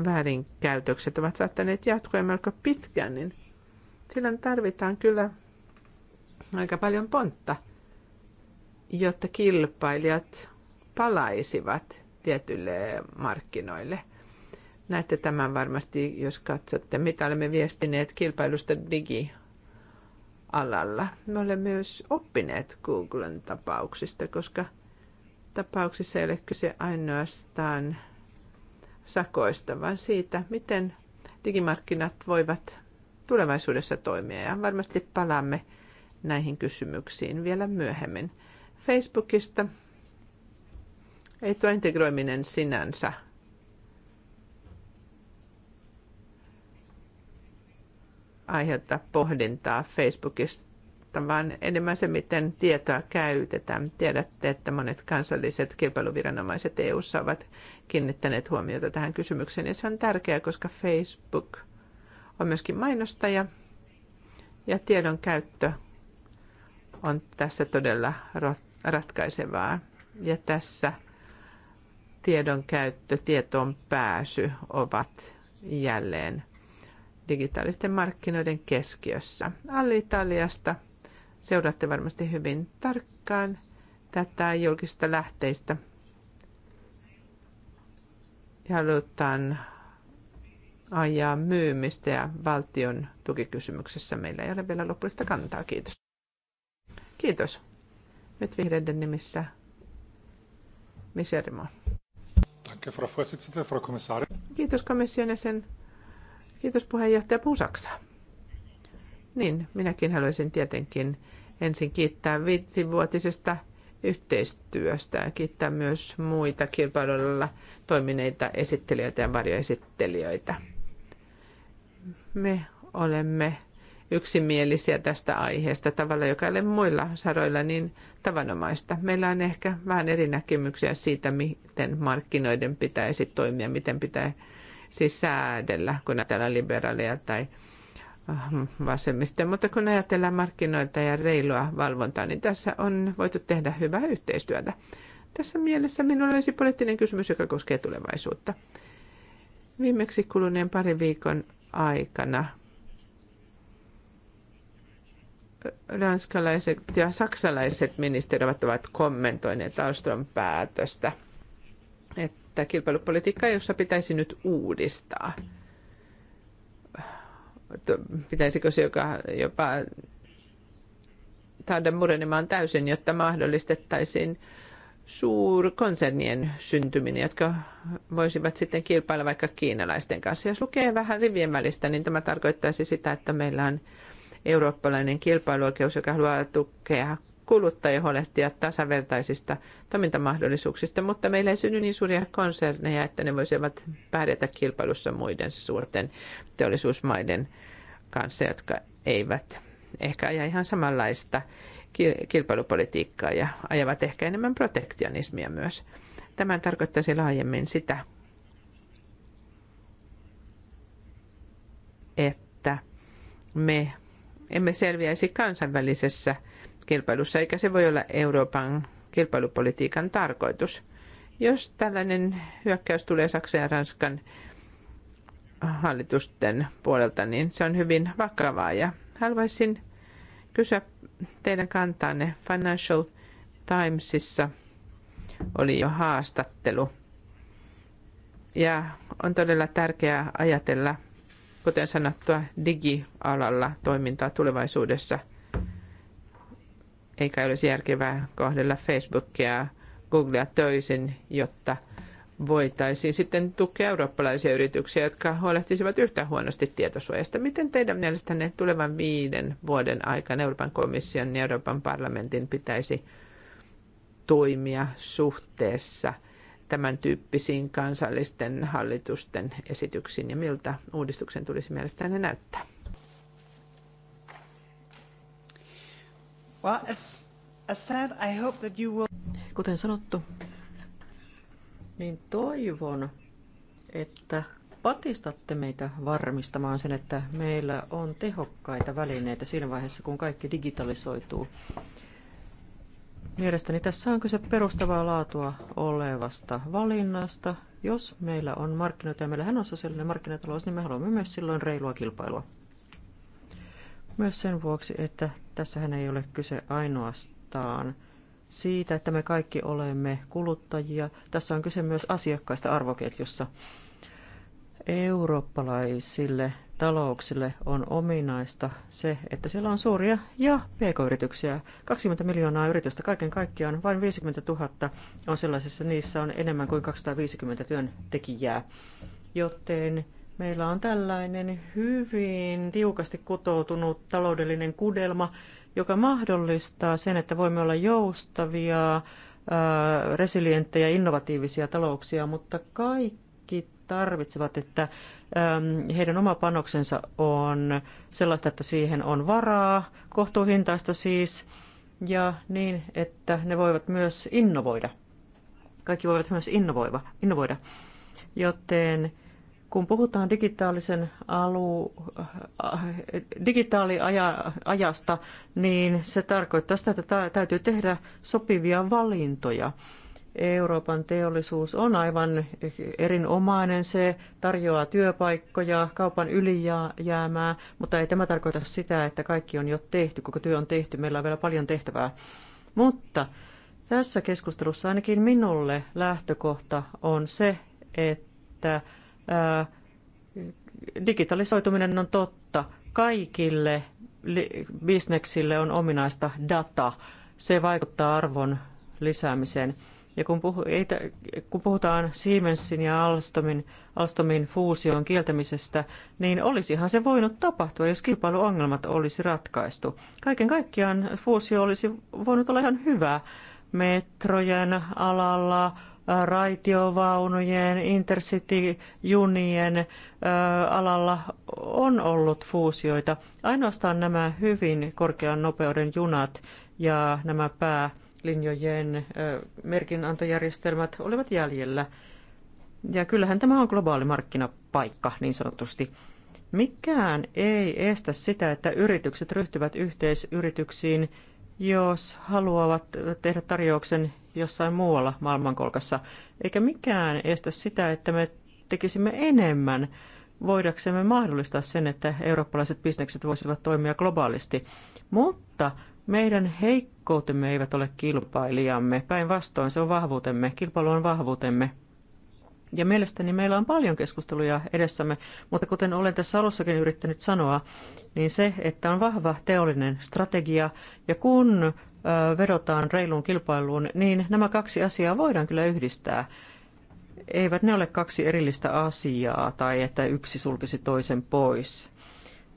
väärinkäytökset ovat saattaneet jatkua melko pitkään, niin silloin tarvitaan kyllä aika paljon pontta – jotta kilpailijat palaisivat tietylle markkinoille. Näette tämän varmasti, jos katsotte, mitä olemme viestineet kilpailusta digialalla. Me olemme myös oppineet Googlen tapauksista, koska tapauksissa ei ole kyse ainoastaan sakoista, vaan siitä, miten digimarkkinat voivat tulevaisuudessa toimia. Ja varmasti palaamme näihin kysymyksiin vielä myöhemmin. Facebookista. Ei tuo integroiminen sinänsä aiheuttaa pohdintaa Facebookista, vaan enemmän se, miten tietoa käytetään. Tiedätte, että monet kansalliset kilpailuviranomaiset EU-ssa ovat kiinnittäneet huomiota tähän kysymykseen, ja se on tärkeää, koska Facebook on myöskin mainostaja, ja tiedon käyttö on tässä todella rotta ratkaisevaa. Ja tässä tiedon käyttö, tietoon pääsy ovat jälleen digitaalisten markkinoiden keskiössä. Alli-Italiasta seuraatte varmasti hyvin tarkkaan tätä julkista lähteistä. Ja halutaan ajaa myymistä ja valtion tukikysymyksessä meillä ei ole vielä lopullista kantaa. Kiitos. Kiitos. Nyt vihreiden nimissä Miserimo. Kiitos komission jäsen. Kiitos puheenjohtaja Puusaksa. Niin, minäkin haluaisin tietenkin ensin kiittää viisivuotisesta yhteistyöstä ja kiittää myös muita kilpailuilla toimineita esittelijöitä ja varjoesittelijöitä. Me olemme yksimielisiä tästä aiheesta tavalla, joka ei ole muilla saroilla niin tavanomaista. Meillä on ehkä vähän eri näkemyksiä siitä, miten markkinoiden pitäisi toimia, miten pitää siis säädellä, kun ajatellaan liberaaleja tai äh, vasemmista. Mutta kun ajatellaan markkinoita ja reilua valvontaa, niin tässä on voitu tehdä hyvää yhteistyötä. Tässä mielessä minulla olisi poliittinen kysymys, joka koskee tulevaisuutta. Viimeksi kuluneen parin viikon aikana ranskalaiset ja saksalaiset ministerit ovat kommentoineet Alström päätöstä, että kilpailupolitiikkaa, jossa pitäisi nyt uudistaa. Pitäisikö se joka, jopa saada murenemaan täysin, jotta mahdollistettaisiin suurkonsernien syntyminen, jotka voisivat sitten kilpailla vaikka kiinalaisten kanssa. Jos lukee vähän rivien välistä, niin tämä tarkoittaisi sitä, että meillä on eurooppalainen kilpailuoikeus, joka haluaa tukea kuluttajia huolehtia tasavertaisista toimintamahdollisuuksista, mutta meillä ei synny niin suuria konserneja, että ne voisivat pärjätä kilpailussa muiden suurten teollisuusmaiden kanssa, jotka eivät ehkä aja ihan samanlaista kilpailupolitiikkaa ja ajavat ehkä enemmän protektionismia myös. Tämä tarkoittaisi laajemmin sitä, että me emme selviäisi kansainvälisessä kilpailussa, eikä se voi olla Euroopan kilpailupolitiikan tarkoitus. Jos tällainen hyökkäys tulee Saksan ja Ranskan hallitusten puolelta, niin se on hyvin vakavaa. Ja haluaisin kysyä teidän kantaanne. Financial Timesissa oli jo haastattelu. Ja on todella tärkeää ajatella kuten sanottua, digialalla toimintaa tulevaisuudessa. Eikä olisi järkevää kohdella Facebookia, Googlea töisin, jotta voitaisiin sitten tukea eurooppalaisia yrityksiä, jotka huolehtisivat yhtä huonosti tietosuojasta. Miten teidän mielestänne tulevan viiden vuoden aikana Euroopan komission ja Euroopan parlamentin pitäisi toimia suhteessa – tämän tyyppisiin kansallisten hallitusten esityksiin ja miltä uudistuksen tulisi mielestäni näyttää? Well, as, as said, I hope that you will... Kuten sanottu, niin toivon, että patistatte meitä varmistamaan sen, että meillä on tehokkaita välineitä siinä vaiheessa, kun kaikki digitalisoituu. Mielestäni tässä on kyse perustavaa laatua olevasta valinnasta. Jos meillä on markkinoita ja meillähän on sosiaalinen markkinatalous, niin me haluamme myös silloin reilua kilpailua. Myös sen vuoksi, että tässähän ei ole kyse ainoastaan siitä, että me kaikki olemme kuluttajia. Tässä on kyse myös asiakkaista arvoketjussa. Eurooppalaisille talouksille on ominaista se, että siellä on suuria ja pk-yrityksiä. 20 miljoonaa yritystä kaiken kaikkiaan, vain 50 000 on sellaisessa, niissä on enemmän kuin 250 työntekijää. Joten meillä on tällainen hyvin tiukasti kutoutunut taloudellinen kudelma, joka mahdollistaa sen, että voimme olla joustavia, resilienttejä, innovatiivisia talouksia, mutta kaikki tarvitsevat, että heidän oma panoksensa on sellaista, että siihen on varaa, kohtuuhintaista siis, ja niin, että ne voivat myös innovoida. Kaikki voivat myös innovoiva, innovoida. Joten kun puhutaan digitaalisen alu, äh, digitaaliajasta, niin se tarkoittaa sitä, että täytyy tehdä sopivia valintoja – Euroopan teollisuus on aivan erinomainen. Se tarjoaa työpaikkoja, kaupan ylijäämää, mutta ei tämä tarkoita sitä, että kaikki on jo tehty, koko työ on tehty. Meillä on vielä paljon tehtävää. Mutta tässä keskustelussa ainakin minulle lähtökohta on se, että ää, digitalisoituminen on totta. Kaikille bisneksille on ominaista data. Se vaikuttaa arvon lisäämiseen. Ja kun, puhu, ei, kun puhutaan Siemensin ja Alstomin, Alstomin fuusion kieltämisestä, niin olisihan se voinut tapahtua, jos kilpailuongelmat olisi ratkaistu. Kaiken kaikkiaan fuusio olisi voinut olla ihan hyvä metrojen alalla, raitiovaunujen, intercity-junien alalla on ollut fuusioita. Ainoastaan nämä hyvin korkean nopeuden junat ja nämä pää linjojen merkinantojärjestelmät olivat jäljellä. Ja kyllähän tämä on globaali markkinapaikka niin sanotusti. Mikään ei estä sitä, että yritykset ryhtyvät yhteisyrityksiin, jos haluavat tehdä tarjouksen jossain muualla maailmankolkassa. Eikä mikään estä sitä, että me tekisimme enemmän voidaksemme mahdollistaa sen, että eurooppalaiset bisnekset voisivat toimia globaalisti. Mutta meidän heikkoutemme eivät ole kilpailijamme, päinvastoin se on vahvuutemme, kilpailu on vahvuutemme. Ja mielestäni meillä on paljon keskusteluja edessämme, mutta kuten olen tässä alussakin yrittänyt sanoa, niin se, että on vahva teollinen strategia ja kun vedotaan reiluun kilpailuun, niin nämä kaksi asiaa voidaan kyllä yhdistää. Eivät ne ole kaksi erillistä asiaa tai että yksi sulkisi toisen pois.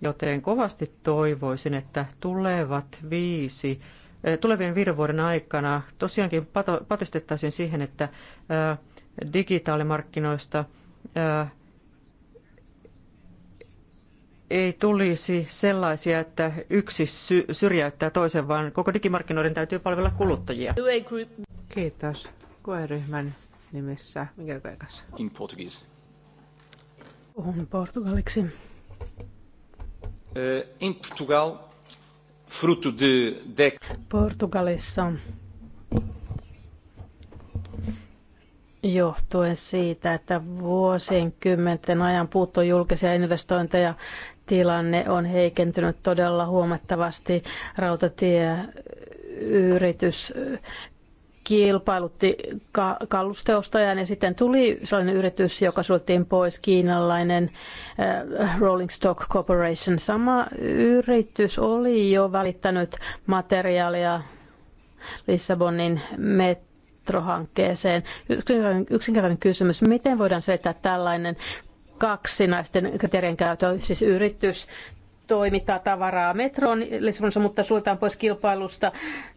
Joten kovasti toivoisin, että tulevat viisi, eh, tulevien viiden vuoden aikana tosiaankin patistettaisiin siihen, että eh, digitaalimarkkinoista eh, ei tulisi sellaisia, että yksi syrjäyttää toisen, vaan koko digimarkkinoiden täytyy palvella kuluttajia. Kiitos. Koeryhmän nimissä Miguel Vegas. Puhun portugaliksi. Eh, em Portugal, fruto de... Portugalissa johtuen siitä, että vuosikymmenten ajan puuttuu julkisia investointeja. Tilanne on heikentynyt todella huomattavasti. Rautatieyritys kilpailutti ka- kalusteostajan ja sitten tuli sellainen yritys, joka suljettiin pois, kiinalainen äh, Rolling Stock Corporation. Sama yritys oli jo välittänyt materiaalia Lissabonin metrohankkeeseen. Yksinkertainen kysymys, miten voidaan selittää tällainen kaksinaisten kriteerien käytö, siis yritys toimittaa tavaraa metroon Lissabonissa, mutta suljetaan pois kilpailusta,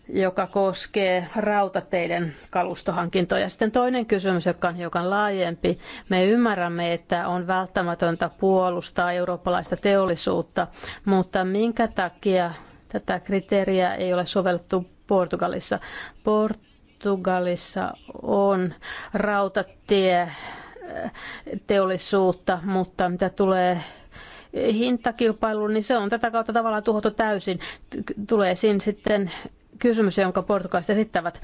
joka koskee rautateiden kalustohankintoja. Sitten toinen kysymys, joka on hiukan laajempi. Me ymmärrämme, että on välttämätöntä puolustaa eurooppalaista teollisuutta, mutta minkä takia tätä kriteeriä ei ole sovellettu Portugalissa? Portugalissa on rautatie eh, teollisuutta, mutta mitä tulee hintakilpailu, niin se on tätä kautta tavallaan tuhottu täysin. Tulee siinä sitten kysymys, jonka portugalaiset esittävät.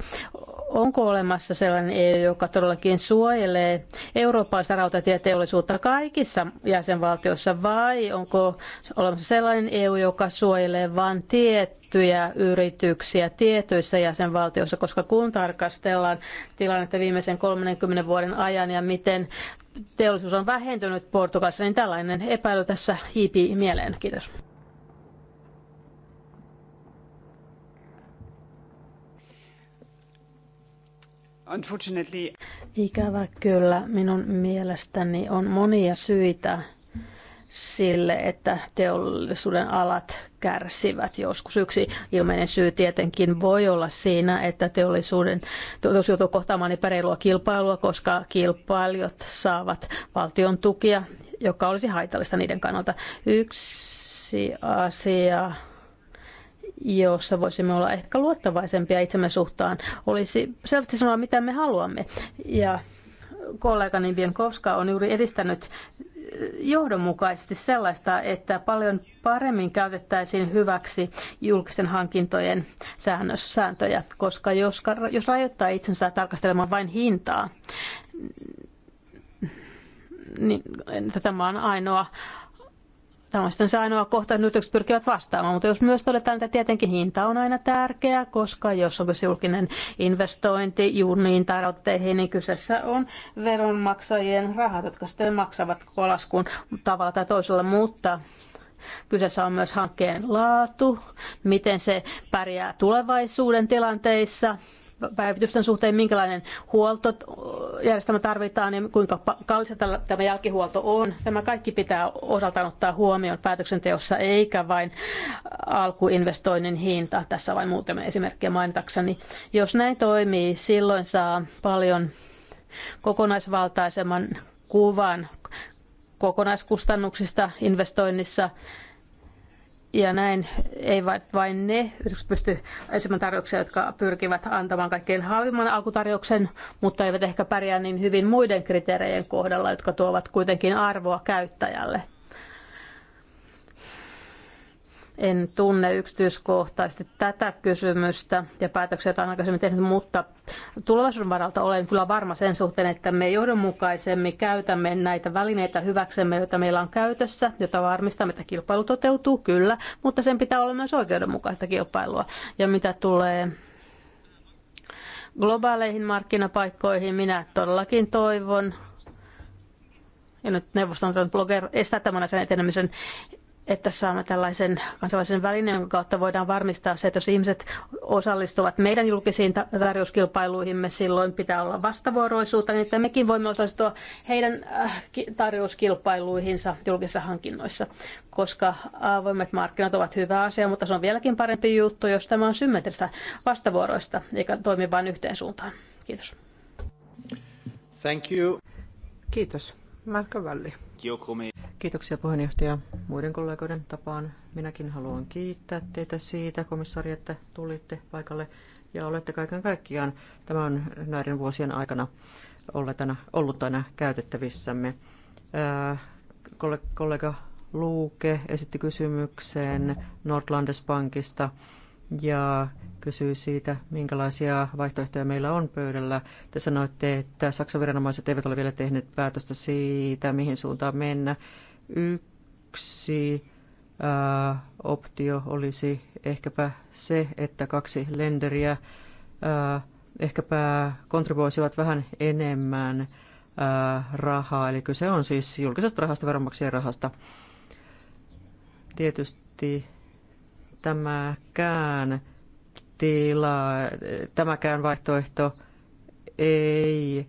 Onko olemassa sellainen EU, joka todellakin suojelee eurooppalaista rautatieteollisuutta kaikissa jäsenvaltioissa, vai onko olemassa sellainen EU, joka suojelee vain tiettyjä yrityksiä tietyissä jäsenvaltioissa, koska kun tarkastellaan tilannetta viimeisen 30 vuoden ajan ja miten teollisuus on vähentynyt Portugalissa, niin tällainen epäily tässä hiipii mieleen. Kiitos. Ikävä kyllä, minun mielestäni on monia syitä sille, että teollisuuden alat kärsivät joskus. Yksi ilmeinen syy tietenkin voi olla siinä, että teollisuuden teollisuus joutuu kohtaamaan niin epäreilua kilpailua, koska kilpailijat saavat valtion tukia, joka olisi haitallista niiden kannalta. Yksi asia, jossa voisimme olla ehkä luottavaisempia itsemme suhtaan, olisi selvästi sanoa, mitä me haluamme. Ja kollegani Vienkovska on juuri edistänyt johdonmukaisesti sellaista, että paljon paremmin käytettäisiin hyväksi julkisten hankintojen säännös, sääntöjä, koska jos, jos rajoittaa itsensä tarkastelemaan vain hintaa, niin tämä on ainoa Tämä on sitten se ainoa kohta, että yritykset pyrkivät vastaamaan, mutta jos myös todetaan, että tietenkin hinta on aina tärkeä, koska jos on julkinen investointi juuriin tai rautteihin, niin kyseessä on veronmaksajien rahat, jotka sitten maksavat kolaskuun tavalla tai toisella, mutta Kyseessä on myös hankkeen laatu, miten se pärjää tulevaisuuden tilanteissa, päivitysten suhteen, minkälainen huoltojärjestelmä tarvitaan ja kuinka kallista tämä jälkihuolto on. Tämä kaikki pitää osaltaan ottaa huomioon päätöksenteossa, eikä vain alkuinvestoinnin hinta. Tässä vain muutamia esimerkkejä mainitakseni. Jos näin toimii, silloin saa paljon kokonaisvaltaisemman kuvan kokonaiskustannuksista investoinnissa ja näin ei vain ne yritykset pysty esimerkiksi tarjouksia, jotka pyrkivät antamaan kaikkein halvimman alkutarjouksen, mutta eivät ehkä pärjää niin hyvin muiden kriteereiden kohdalla, jotka tuovat kuitenkin arvoa käyttäjälle. En tunne yksityiskohtaisesti tätä kysymystä ja päätöksiä, joita on aikaisemmin tehnyt, mutta tulevaisuuden varalta olen kyllä varma sen suhteen, että me johdonmukaisemmin käytämme näitä välineitä hyväksemme, joita meillä on käytössä, jota varmistamme, että kilpailu toteutuu, kyllä, mutta sen pitää olla myös oikeudenmukaista kilpailua. Ja mitä tulee globaaleihin markkinapaikkoihin, minä todellakin toivon, ja nyt neuvoston blogger estää tämän asian etenemisen, että saamme tällaisen kansainvälisen välineen, jonka kautta voidaan varmistaa se, että jos ihmiset osallistuvat meidän julkisiin tarjouskilpailuihimme, silloin pitää olla vastavuoroisuutta, niin että mekin voimme osallistua heidän äh, tarjouskilpailuihinsa julkisissa hankinnoissa, koska avoimet markkinat ovat hyvä asia, mutta se on vieläkin parempi juttu, jos tämä on symmetristä vastavuoroista, eikä toimi vain yhteen suuntaan. Kiitos. Thank you. Kiitos. Marko Valli. Kiitos. Kiitoksia puheenjohtaja muiden kollegoiden tapaan. Minäkin haluan kiittää teitä siitä, komissaari, että tulitte paikalle ja olette kaiken kaikkiaan tämän näiden vuosien aikana aina, ollut aina käytettävissämme. Äh, kollega Luuke esitti kysymyksen Nordlandes ja kysyy siitä, minkälaisia vaihtoehtoja meillä on pöydällä. Te sanoitte, että Saksan viranomaiset eivät ole vielä tehneet päätöstä siitä, mihin suuntaan mennä. Yksi ää, äh, optio olisi ehkäpä se, että kaksi lenderiä ää, äh, ehkäpä kontribuoisivat vähän enemmän ää, äh, rahaa. Eli kyse on siis julkisesta rahasta, veronmaksajien rahasta. Tietysti tämäkään, tila, tämäkään vaihtoehto ei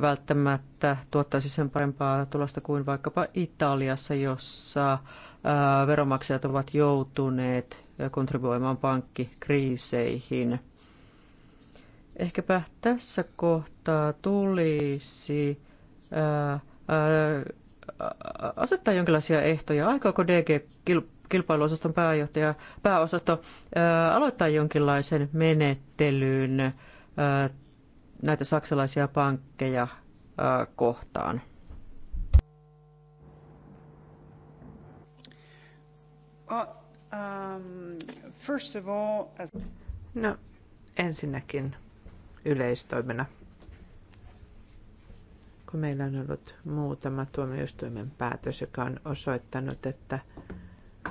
välttämättä tuottaisi sen parempaa tulosta kuin vaikkapa Italiassa, jossa veromaksajat ovat joutuneet kontribuoimaan pankkikriiseihin. Ehkäpä tässä kohtaa tulisi asettaa jonkinlaisia ehtoja. Aikooko DG kilpailuosaston pääjohtaja, pääosasto aloittaa jonkinlaisen menettelyn näitä saksalaisia pankkeja kohtaan? Um, no, ensinnäkin yleistoimena. Kun meillä on ollut muutama tuomioistuimen päätös, joka on osoittanut, että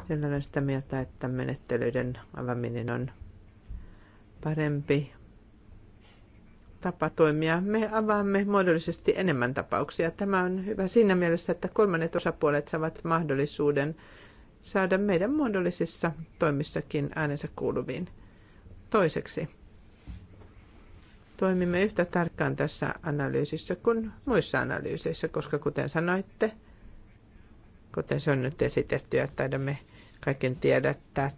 niin olen sitä mieltä, että menettelyiden avaminen on parempi tapa toimia. Me avaamme muodollisesti enemmän tapauksia. Tämä on hyvä siinä mielessä, että kolmannet osapuolet saavat mahdollisuuden saada meidän muodollisissa toimissakin äänensä kuuluviin. Toiseksi, toimimme yhtä tarkkaan tässä analyysissä kuin muissa analyyseissä, koska kuten sanoitte, kuten se on nyt esitetty, että taidamme kaikki, tiedättä,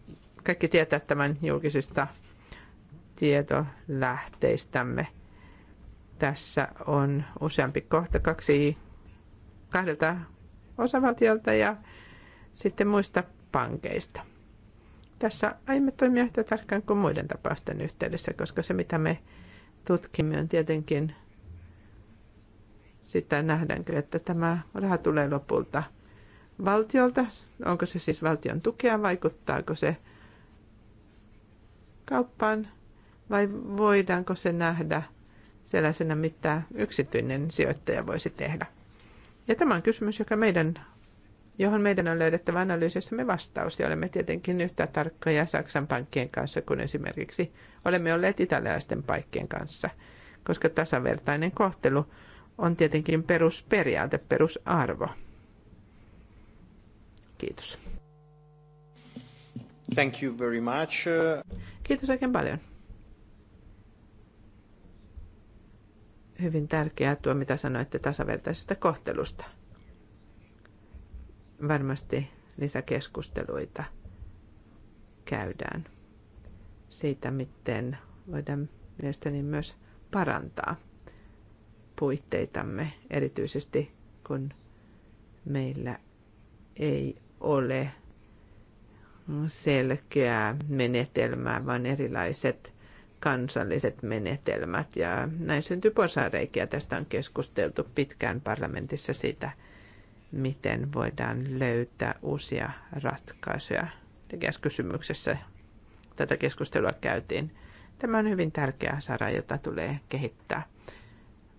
kaikki tietää tämän julkisista tietolähteistämme. Tässä on useampi kohta kaksi kahdelta osavaltiolta ja sitten muista pankeista. Tässä aiemme toimia yhtä tarkkaan kuin muiden tapausten yhteydessä, koska se mitä me tutkimme on tietenkin sitä nähdäänkö, että tämä raha tulee lopulta – valtiolta? Onko se siis valtion tukea? Vaikuttaako se kauppaan? Vai voidaanko se nähdä sellaisena, mitä yksityinen sijoittaja voisi tehdä? Ja tämä on kysymys, joka meidän, johon meidän on löydettävä analyysissämme vastaus. Ja olemme tietenkin yhtä tarkkoja Saksan pankkien kanssa kuin esimerkiksi olemme olleet italialaisten paikkien kanssa, koska tasavertainen kohtelu on tietenkin perusperiaate, perusarvo. Kiitos. Thank you very much. Kiitos oikein paljon. Hyvin tärkeää tuo, mitä sanoitte tasavertaisesta kohtelusta. Varmasti lisäkeskusteluita käydään siitä, miten voidaan mielestäni myös parantaa puitteitamme, erityisesti kun meillä ei ole selkeää menetelmää, vaan erilaiset kansalliset menetelmät. Ja näin syntyy porsareikiä. Tästä on keskusteltu pitkään parlamentissa siitä, miten voidaan löytää uusia ratkaisuja. Tässä kysymyksessä tätä keskustelua käytiin. Tämä on hyvin tärkeä sara, jota tulee kehittää.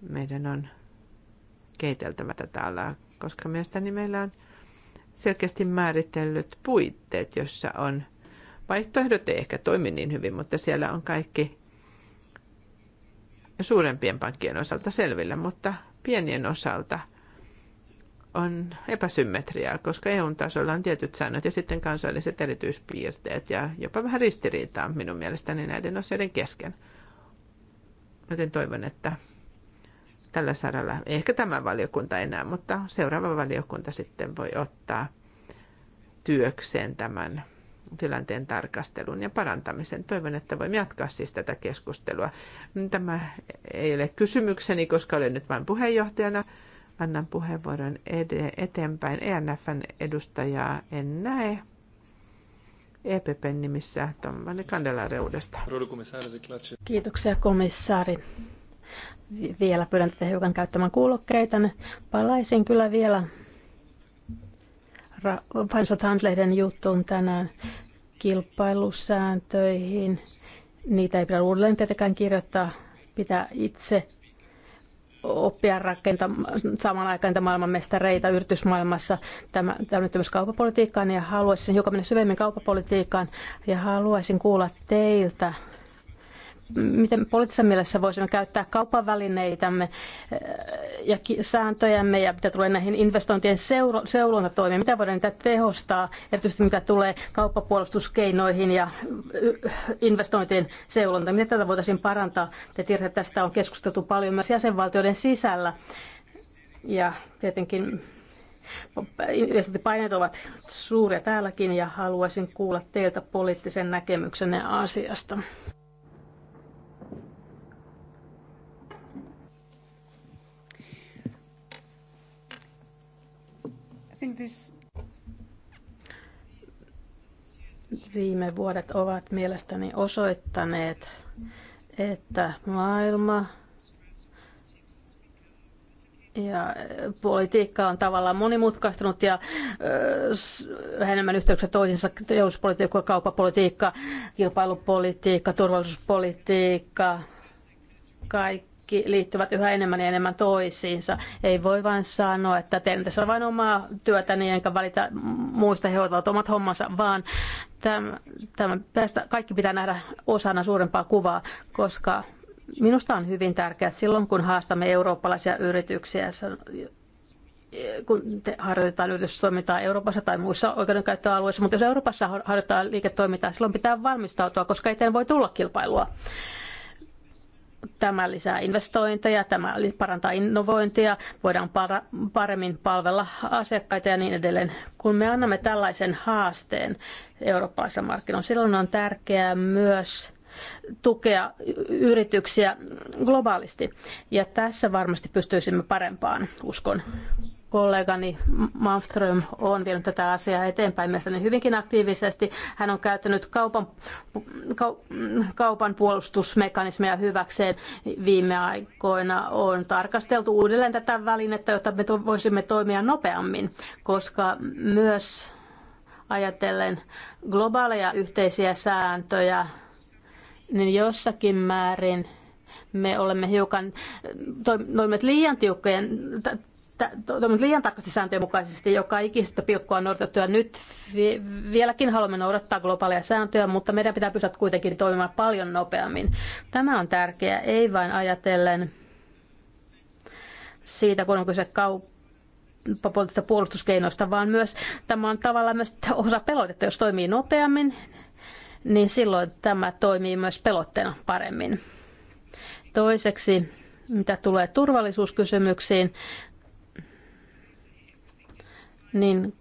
Meidän on kehiteltävä tätä alaa, koska mielestäni meillä on – selkeästi määritellyt puitteet, jossa on vaihtoehdot ei ehkä toimi niin hyvin, mutta siellä on kaikki suurempien pankkien osalta selvillä, mutta pienien osalta on epäsymmetriaa, koska eu tasolla on tietyt säännöt ja sitten kansalliset erityispiirteet ja jopa vähän ristiriitaa minun mielestäni näiden asioiden kesken. Joten toivon, että tällä saralla. ehkä tämä valiokunta enää, mutta seuraava valiokunta sitten voi ottaa työkseen tämän tilanteen tarkastelun ja parantamisen. Toivon, että voimme jatkaa siis tätä keskustelua. Tämä ei ole kysymykseni, koska olen nyt vain puheenjohtajana. Annan puheenvuoron eteenpäin. ENFn edustajaa en näe. EPPn nimissä Tom Kandelareudesta. Kiitoksia komissaari vielä pyydän teitä hiukan käyttämään kuulokkeita. Palaisin kyllä vielä Financial Times-lehden juttuun tänään kilpailusääntöihin. Niitä ei pidä uudelleen tietenkään kirjoittaa, pitää itse oppia rakentamaan saman aikaan maailmanmestareita yritysmaailmassa. Tämä, tämä nyt myös kaupapolitiikkaan ja haluaisin hiukan mennä syvemmin kaupapolitiikkaan ja haluaisin kuulla teiltä miten poliittisessa mielessä voisimme käyttää välineitämme eh, ja sääntöjämme ja mitä tulee näihin investointien seuro- seulontatoimiin, mitä voidaan niitä tehostaa, erityisesti mitä tulee kauppapuolustuskeinoihin ja investointien seulonta, miten tätä voitaisiin parantaa. Te tiedätte, että tästä on keskusteltu paljon myös jäsenvaltioiden sisällä ja tietenkin paineet ovat suuria täälläkin ja haluaisin kuulla teiltä poliittisen näkemyksenne asiasta. this... Viime vuodet ovat mielestäni osoittaneet, että maailma ja politiikka on tavallaan monimutkaistunut ja enemmän yhteyksiä toisiinsa teollisuuspolitiikka, kauppapolitiikka, kilpailupolitiikka, turvallisuuspolitiikka, kaikki liittyvät yhä enemmän ja enemmän toisiinsa. Ei voi vain sanoa, että teen tässä vain omaa työtäni enkä valita muista, he hoitavat omat hommansa, vaan tämän, tämän, tästä kaikki pitää nähdä osana suurempaa kuvaa, koska minusta on hyvin tärkeää, että silloin kun haastamme eurooppalaisia yrityksiä, kun harjoitetaan yritystoimintaa Euroopassa tai muissa oikeudenkäyttöalueissa, mutta jos Euroopassa harjoitetaan liiketoimintaa, silloin pitää valmistautua, koska eteen voi tulla kilpailua. Tämä lisää investointeja, tämä parantaa innovointia, voidaan para- paremmin palvella asiakkaita ja niin edelleen. Kun me annamme tällaisen haasteen eurooppalaisilla markkinoille, silloin on tärkeää myös tukea yrityksiä globaalisti. Ja tässä varmasti pystyisimme parempaan, uskon. Kollegani Malmström on vienyt tätä asiaa eteenpäin mielestäni hyvinkin aktiivisesti. Hän on käyttänyt kaupan, kaupan puolustusmekanismeja hyväkseen. Viime aikoina on tarkasteltu uudelleen tätä välinettä, jotta me voisimme toimia nopeammin, koska myös ajatellen globaaleja yhteisiä sääntöjä niin jossakin määrin me olemme hiukan eh, toimineet liian tiukkojen toiminut liian tarkasti sääntöjen mukaisesti, joka ikistä pilkkoa on noudatettu. Ja nyt vieläkin haluamme noudattaa globaaleja sääntöjä, mutta meidän pitää pysyä kuitenkin toimimaan paljon nopeammin. Tämä on tärkeää, ei vain ajatellen siitä, kun on kyse kauppapoliittisista puolustuskeinoista, vaan myös tämä on tavallaan myös osa pelotetta. Jos toimii nopeammin, niin silloin tämä toimii myös pelotteena paremmin. Toiseksi, mitä tulee turvallisuuskysymyksiin, niin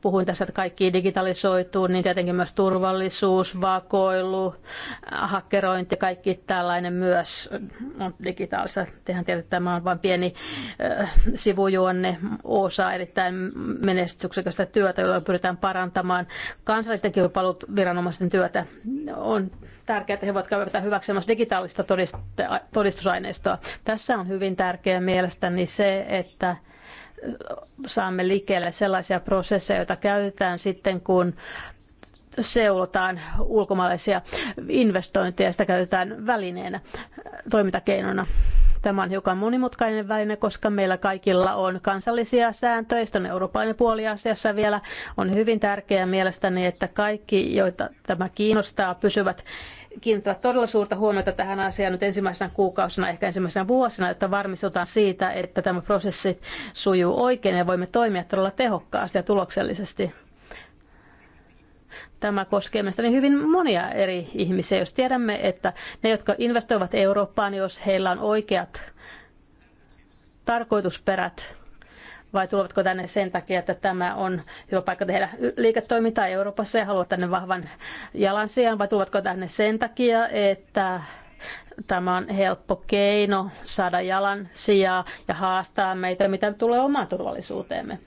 puhuin tässä, että kaikki digitalisoituu, niin tietenkin myös turvallisuus, vakoilu, hakkerointi, kaikki tällainen myös on digitaalista. Tehän tietysti tämä on vain pieni sivujuonne osa erittäin menestyksekästä työtä, jolla pyritään parantamaan kansallisten viranomaisten työtä. On tärkeää, että he voivat käydä hyväksi myös digitaalista todistusaineistoa. Tässä on hyvin tärkeää mielestäni se, että saamme liikkeelle sellaisia prosesseja, joita käytetään sitten, kun seulotaan ulkomaalaisia investointeja ja sitä käytetään välineenä, toimintakeinona. Tämä on hiukan monimutkainen väline, koska meillä kaikilla on kansallisia sääntöjä, on eurooppalainen puoli asiassa vielä. On hyvin tärkeää mielestäni, että kaikki, joita tämä kiinnostaa, pysyvät kiinnittää todella suurta huomiota tähän asiaan nyt ensimmäisenä kuukausina, ehkä ensimmäisenä vuosina, jotta varmistutaan siitä, että tämä prosessi sujuu oikein ja voimme toimia todella tehokkaasti ja tuloksellisesti. Tämä koskee mielestäni hyvin monia eri ihmisiä. Jos tiedämme, että ne, jotka investoivat Eurooppaan, jos heillä on oikeat tarkoitusperät, vai tulevatko tänne sen takia, että tämä on hyvä paikka tehdä liiketoimintaa Euroopassa ja haluat tänne vahvan jalansijan, vai tulevatko tänne sen takia, että tämä on helppo keino saada jalan sijaa ja haastaa meitä, mitä tulee omaan turvallisuuteemme.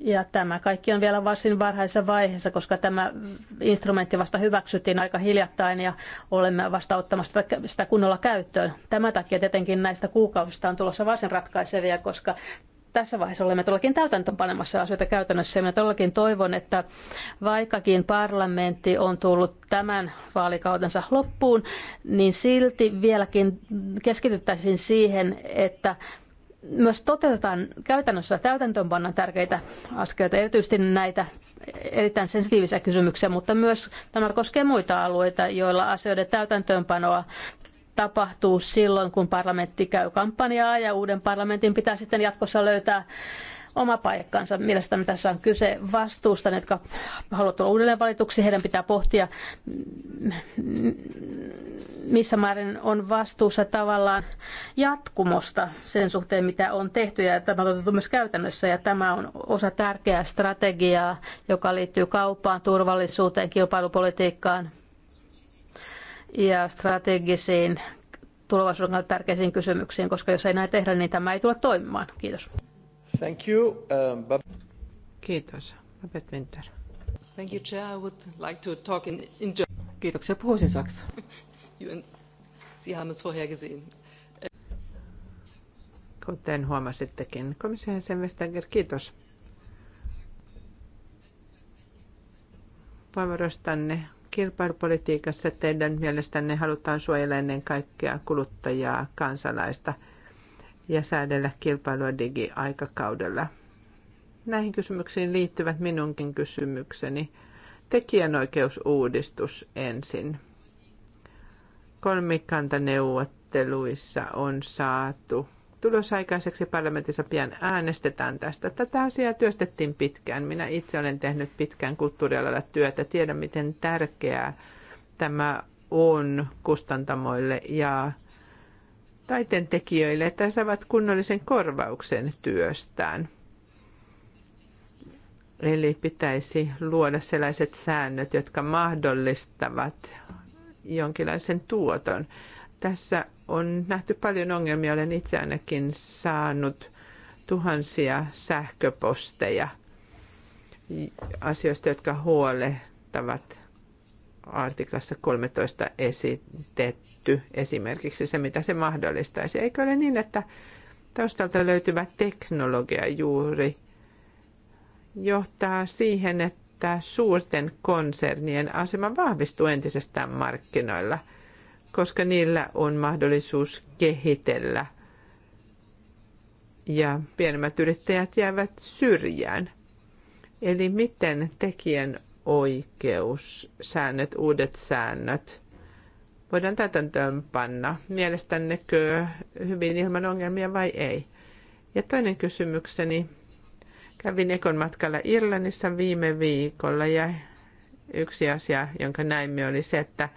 Ja tämä kaikki on vielä varsin varhaisessa vaiheessa, koska tämä instrumentti vasta hyväksyttiin aika hiljattain ja olemme vasta ottamassa sitä kunnolla käyttöön. Tämän takia tietenkin näistä kuukausista on tulossa varsin ratkaisevia, koska tässä vaiheessa olemme todellakin täytäntöönpanemassa asioita käytännössä. Ja minä todellakin toivon, että vaikkakin parlamentti on tullut tämän vaalikautensa loppuun, niin silti vieläkin keskityttäisiin siihen, että myös toteutetaan käytännössä täytäntöönpannan tärkeitä askeleita, erityisesti näitä erittäin sensitiivisiä kysymyksiä, mutta myös tämä koskee muita alueita, joilla asioiden täytäntöönpanoa tapahtuu silloin, kun parlamentti käy kampanjaa ja uuden parlamentin pitää sitten jatkossa löytää oma paikkansa. Mielestäni tässä on kyse vastuusta, ne, jotka haluavat tulla uudelleen valituksi. Heidän pitää pohtia, missä määrin on vastuussa tavallaan jatkumosta sen suhteen, mitä on tehty. Ja tämä on myös käytännössä. Ja tämä on osa tärkeää strategiaa, joka liittyy kauppaan, turvallisuuteen, kilpailupolitiikkaan ja strategisiin tulevaisuuden tärkeisiin kysymyksiin, koska jos ei näin tehdä, niin tämä ei tule toimimaan. Kiitos. Thank you. Um, Kiitos. Babette Winter. Thank you, Chair. I would like to talk in, in Kiitoksia. Puhuisin Saksaa. Sie haben es vorher gesehen. Kuten huomasittekin, komissio jäsen Vestager, kiitos puheenvuorostanne kilpailupolitiikassa teidän mielestänne halutaan suojella ennen kaikkea kuluttajaa, kansalaista – ja säädellä kilpailua digiaikakaudella. Näihin kysymyksiin liittyvät minunkin kysymykseni. Tekijänoikeusuudistus ensin. Kolmikantaneuvotteluissa on saatu tulosaikaiseksi parlamentissa pian äänestetään tästä. Tätä asiaa työstettiin pitkään. Minä itse olen tehnyt pitkään kulttuurialalla työtä. Tiedän, miten tärkeää tämä on kustantamoille ja taiteen tekijöille, että he saavat kunnollisen korvauksen työstään. Eli pitäisi luoda sellaiset säännöt, jotka mahdollistavat jonkinlaisen tuoton. Tässä on nähty paljon ongelmia. Olen itse ainakin saanut tuhansia sähköposteja asioista, jotka huolehtavat artiklassa 13 esitetty tehty esimerkiksi se, mitä se mahdollistaisi. Eikö ole niin, että taustalta löytyvä teknologia juuri johtaa siihen, että suurten konsernien asema vahvistuu entisestään markkinoilla, koska niillä on mahdollisuus kehitellä ja pienemmät yrittäjät jäävät syrjään. Eli miten tekijän oikeus säännöt, uudet säännöt voidaan täytäntöön panna. Mielestännekö hyvin ilman ongelmia vai ei? Ja toinen kysymykseni. Kävin Ekon matkalla Irlannissa viime viikolla ja yksi asia, jonka näimme, oli se, että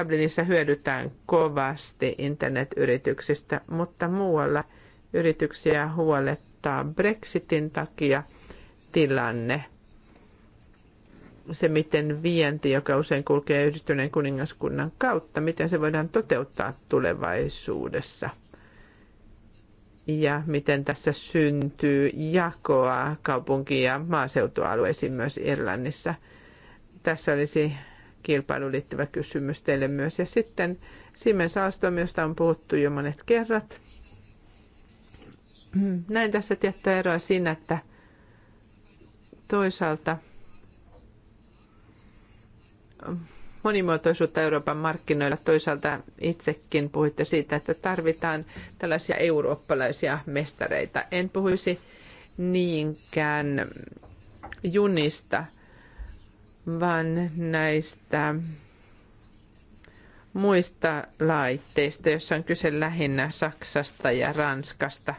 Dublinissa hyödytään kovasti internetyrityksistä, mutta muualla yrityksiä huolettaa Brexitin takia tilanne se, miten vienti, joka usein kulkee yhdistyneen kuningaskunnan kautta, miten se voidaan toteuttaa tulevaisuudessa. Ja miten tässä syntyy jakoa kaupunki- ja maaseutualueisiin myös Irlannissa. Tässä olisi kilpailuun liittyvä kysymys teille myös. Ja sitten Siemens Alstom, josta on puhuttu jo monet kerrat. Näin tässä tiettyä eroa siinä, että toisaalta – monimuotoisuutta Euroopan markkinoilla. Toisaalta itsekin puhuitte siitä, että tarvitaan tällaisia eurooppalaisia mestareita. En puhuisi niinkään junista, vaan näistä muista laitteista, joissa on kyse lähinnä Saksasta ja Ranskasta.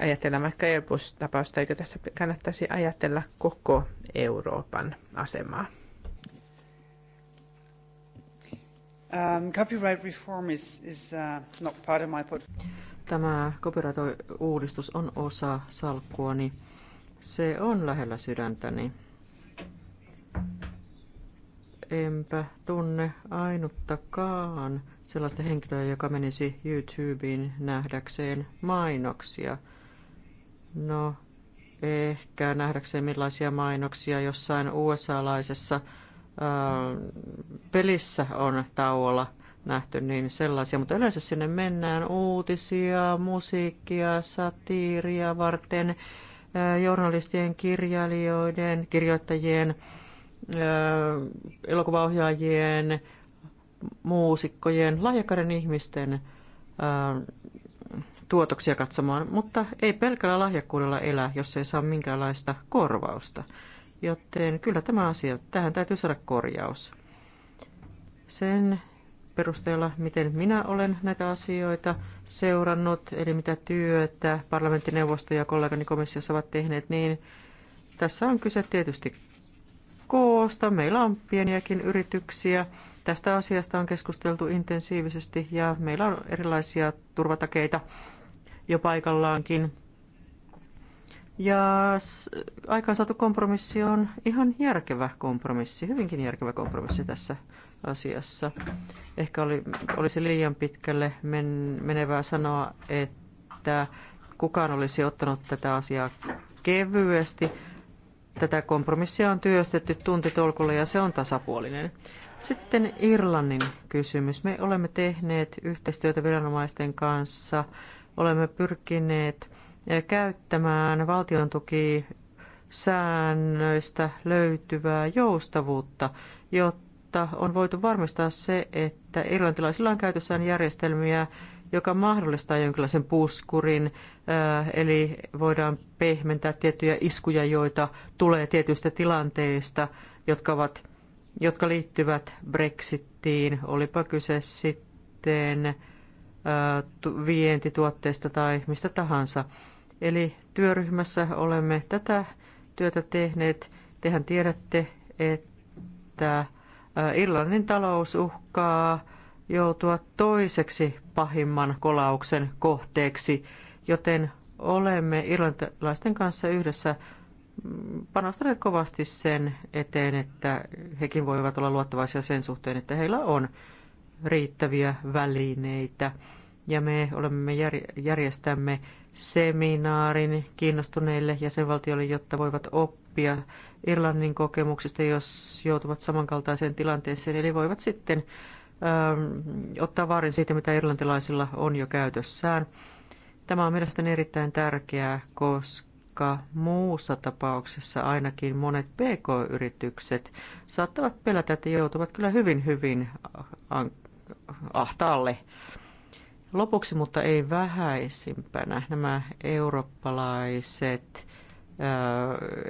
Ajatellaan vaikka Airbus-tapausta, eikö tässä kannattaisi ajatella koko Euroopan asemaa. Um, copyright reform is, is uh, not part of my portfolio. Tämä copyright-uudistus on osa salkkuani. Se on lähellä sydäntäni. Enpä tunne ainuttakaan sellaista henkilöä, joka menisi YouTubeen nähdäkseen mainoksia. No, ehkä nähdäkseen millaisia mainoksia jossain USA-laisessa Äh, pelissä on tauolla nähty, niin sellaisia. Mutta yleensä sinne mennään uutisia, musiikkia, satiiria varten, äh, journalistien, kirjailijoiden, kirjoittajien, äh, elokuvaohjaajien, muusikkojen, lahjakkaiden ihmisten tuotoksia katsomaan, mutta ei pelkällä lahjakkuudella elä, jos ei saa minkäänlaista korvausta. Joten kyllä tämä asia, tähän täytyy saada korjaus. Sen perusteella, miten minä olen näitä asioita seurannut, eli mitä työtä parlamenttineuvosto ja kollegani komissiossa ovat tehneet, niin tässä on kyse tietysti koosta. Meillä on pieniäkin yrityksiä. Tästä asiasta on keskusteltu intensiivisesti ja meillä on erilaisia turvatakeita jo paikallaankin. Ja aikaansaatu kompromissi on ihan järkevä kompromissi, hyvinkin järkevä kompromissi tässä asiassa. Ehkä oli, olisi liian pitkälle men, menevää sanoa, että kukaan olisi ottanut tätä asiaa kevyesti. Tätä kompromissia on työstetty tuntitolkulla ja se on tasapuolinen. Sitten Irlannin kysymys. Me olemme tehneet yhteistyötä viranomaisten kanssa, olemme pyrkineet käyttämään valtion säännöistä löytyvää joustavuutta, jotta on voitu varmistaa se, että irlantilaisilla on käytössään järjestelmiä, joka mahdollistaa jonkinlaisen puskurin, äh, eli voidaan pehmentää tiettyjä iskuja, joita tulee tietyistä tilanteista, jotka, ovat, jotka liittyvät Brexittiin, olipa kyse sitten äh, vientituotteista tai mistä tahansa. Eli työryhmässä olemme tätä työtä tehneet. Tehän tiedätte, että Irlannin talous uhkaa joutua toiseksi pahimman kolauksen kohteeksi, joten olemme irlantilaisten kanssa yhdessä mm, panostaneet kovasti sen eteen, että hekin voivat olla luottavaisia sen suhteen, että heillä on riittäviä välineitä. Ja me olemme järjestämme seminaarin kiinnostuneille jäsenvaltioille, jotta voivat oppia Irlannin kokemuksista, jos joutuvat samankaltaiseen tilanteeseen. Eli voivat sitten ö, ähm, ottaa vaarin siitä, mitä irlantilaisilla on jo käytössään. Tämä on mielestäni erittäin tärkeää, koska muussa tapauksessa ainakin monet pk-yritykset saattavat pelätä, että joutuvat kyllä hyvin, hyvin äh, ahtaalle Lopuksi, mutta ei vähäisimpänä, nämä eurooppalaiset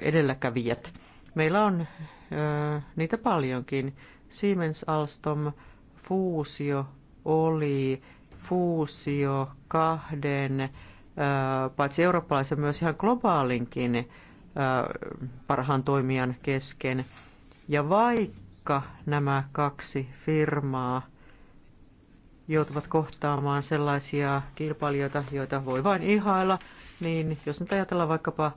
edelläkävijät. Meillä on niitä paljonkin. Siemens Alstom fuusio oli fuusio kahden, paitsi eurooppalaisen myös ihan globaalinkin parhaan toimijan kesken. Ja vaikka nämä kaksi firmaa joutuvat kohtaamaan sellaisia kilpailijoita, joita voi vain ihailla, niin jos nyt ajatellaan vaikkapa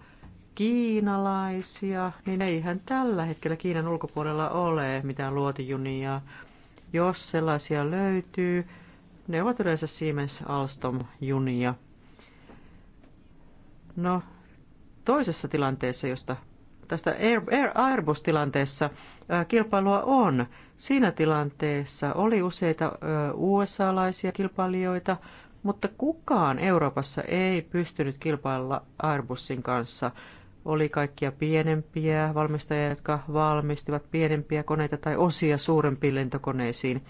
kiinalaisia, niin eihän tällä hetkellä Kiinan ulkopuolella ole mitään luotijunia. Jos sellaisia löytyy, ne ovat yleensä Siemens Alstom-junia. No, toisessa tilanteessa, josta tästä Airbus-tilanteessa kilpailua on. Siinä tilanteessa oli useita USA-laisia kilpailijoita, mutta kukaan Euroopassa ei pystynyt kilpailla Airbusin kanssa. Oli kaikkia pienempiä valmistajia, jotka valmistivat pienempiä koneita tai osia suurempiin lentokoneisiin.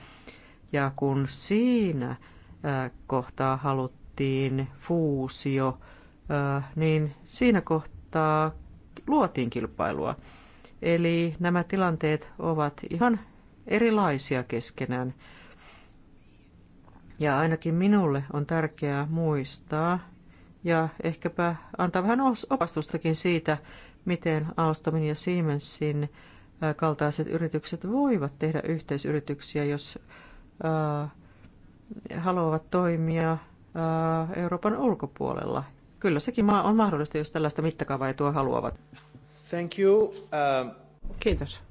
Ja kun siinä kohtaa haluttiin fuusio, niin siinä kohtaa luotiin kilpailua. Eli nämä tilanteet ovat ihan erilaisia keskenään. Ja ainakin minulle on tärkeää muistaa ja ehkäpä antaa vähän opastustakin siitä, miten Alstomin ja Siemensin äh, kaltaiset yritykset voivat tehdä yhteisyrityksiä, jos äh, haluavat toimia äh, Euroopan ulkopuolella Kyllä sekin on mahdollista, jos tällaista mittakaavaa ei tuo haluavat. Thank you. Uh... Kiitos.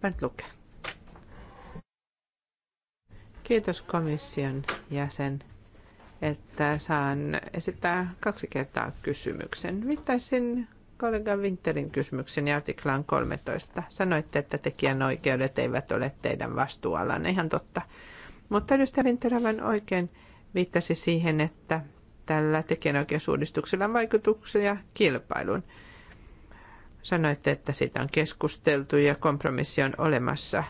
Bernd Lucke. Kiitos komission jäsen, että saan esittää kaksi kertaa kysymyksen. Viittaisin kollega Winterin kysymyksen ja artiklaan 13. Sanoitte, että tekijänoikeudet eivät ole teidän vastuualanne. Ihan totta. Mutta edustaja Winter aivan oikein viittasi siihen, että tällä tekijänoikeusuudistuksella vaikutuksia kilpailuun. Sanoitte, että siitä on keskusteltu ja kompromissi on olemassa.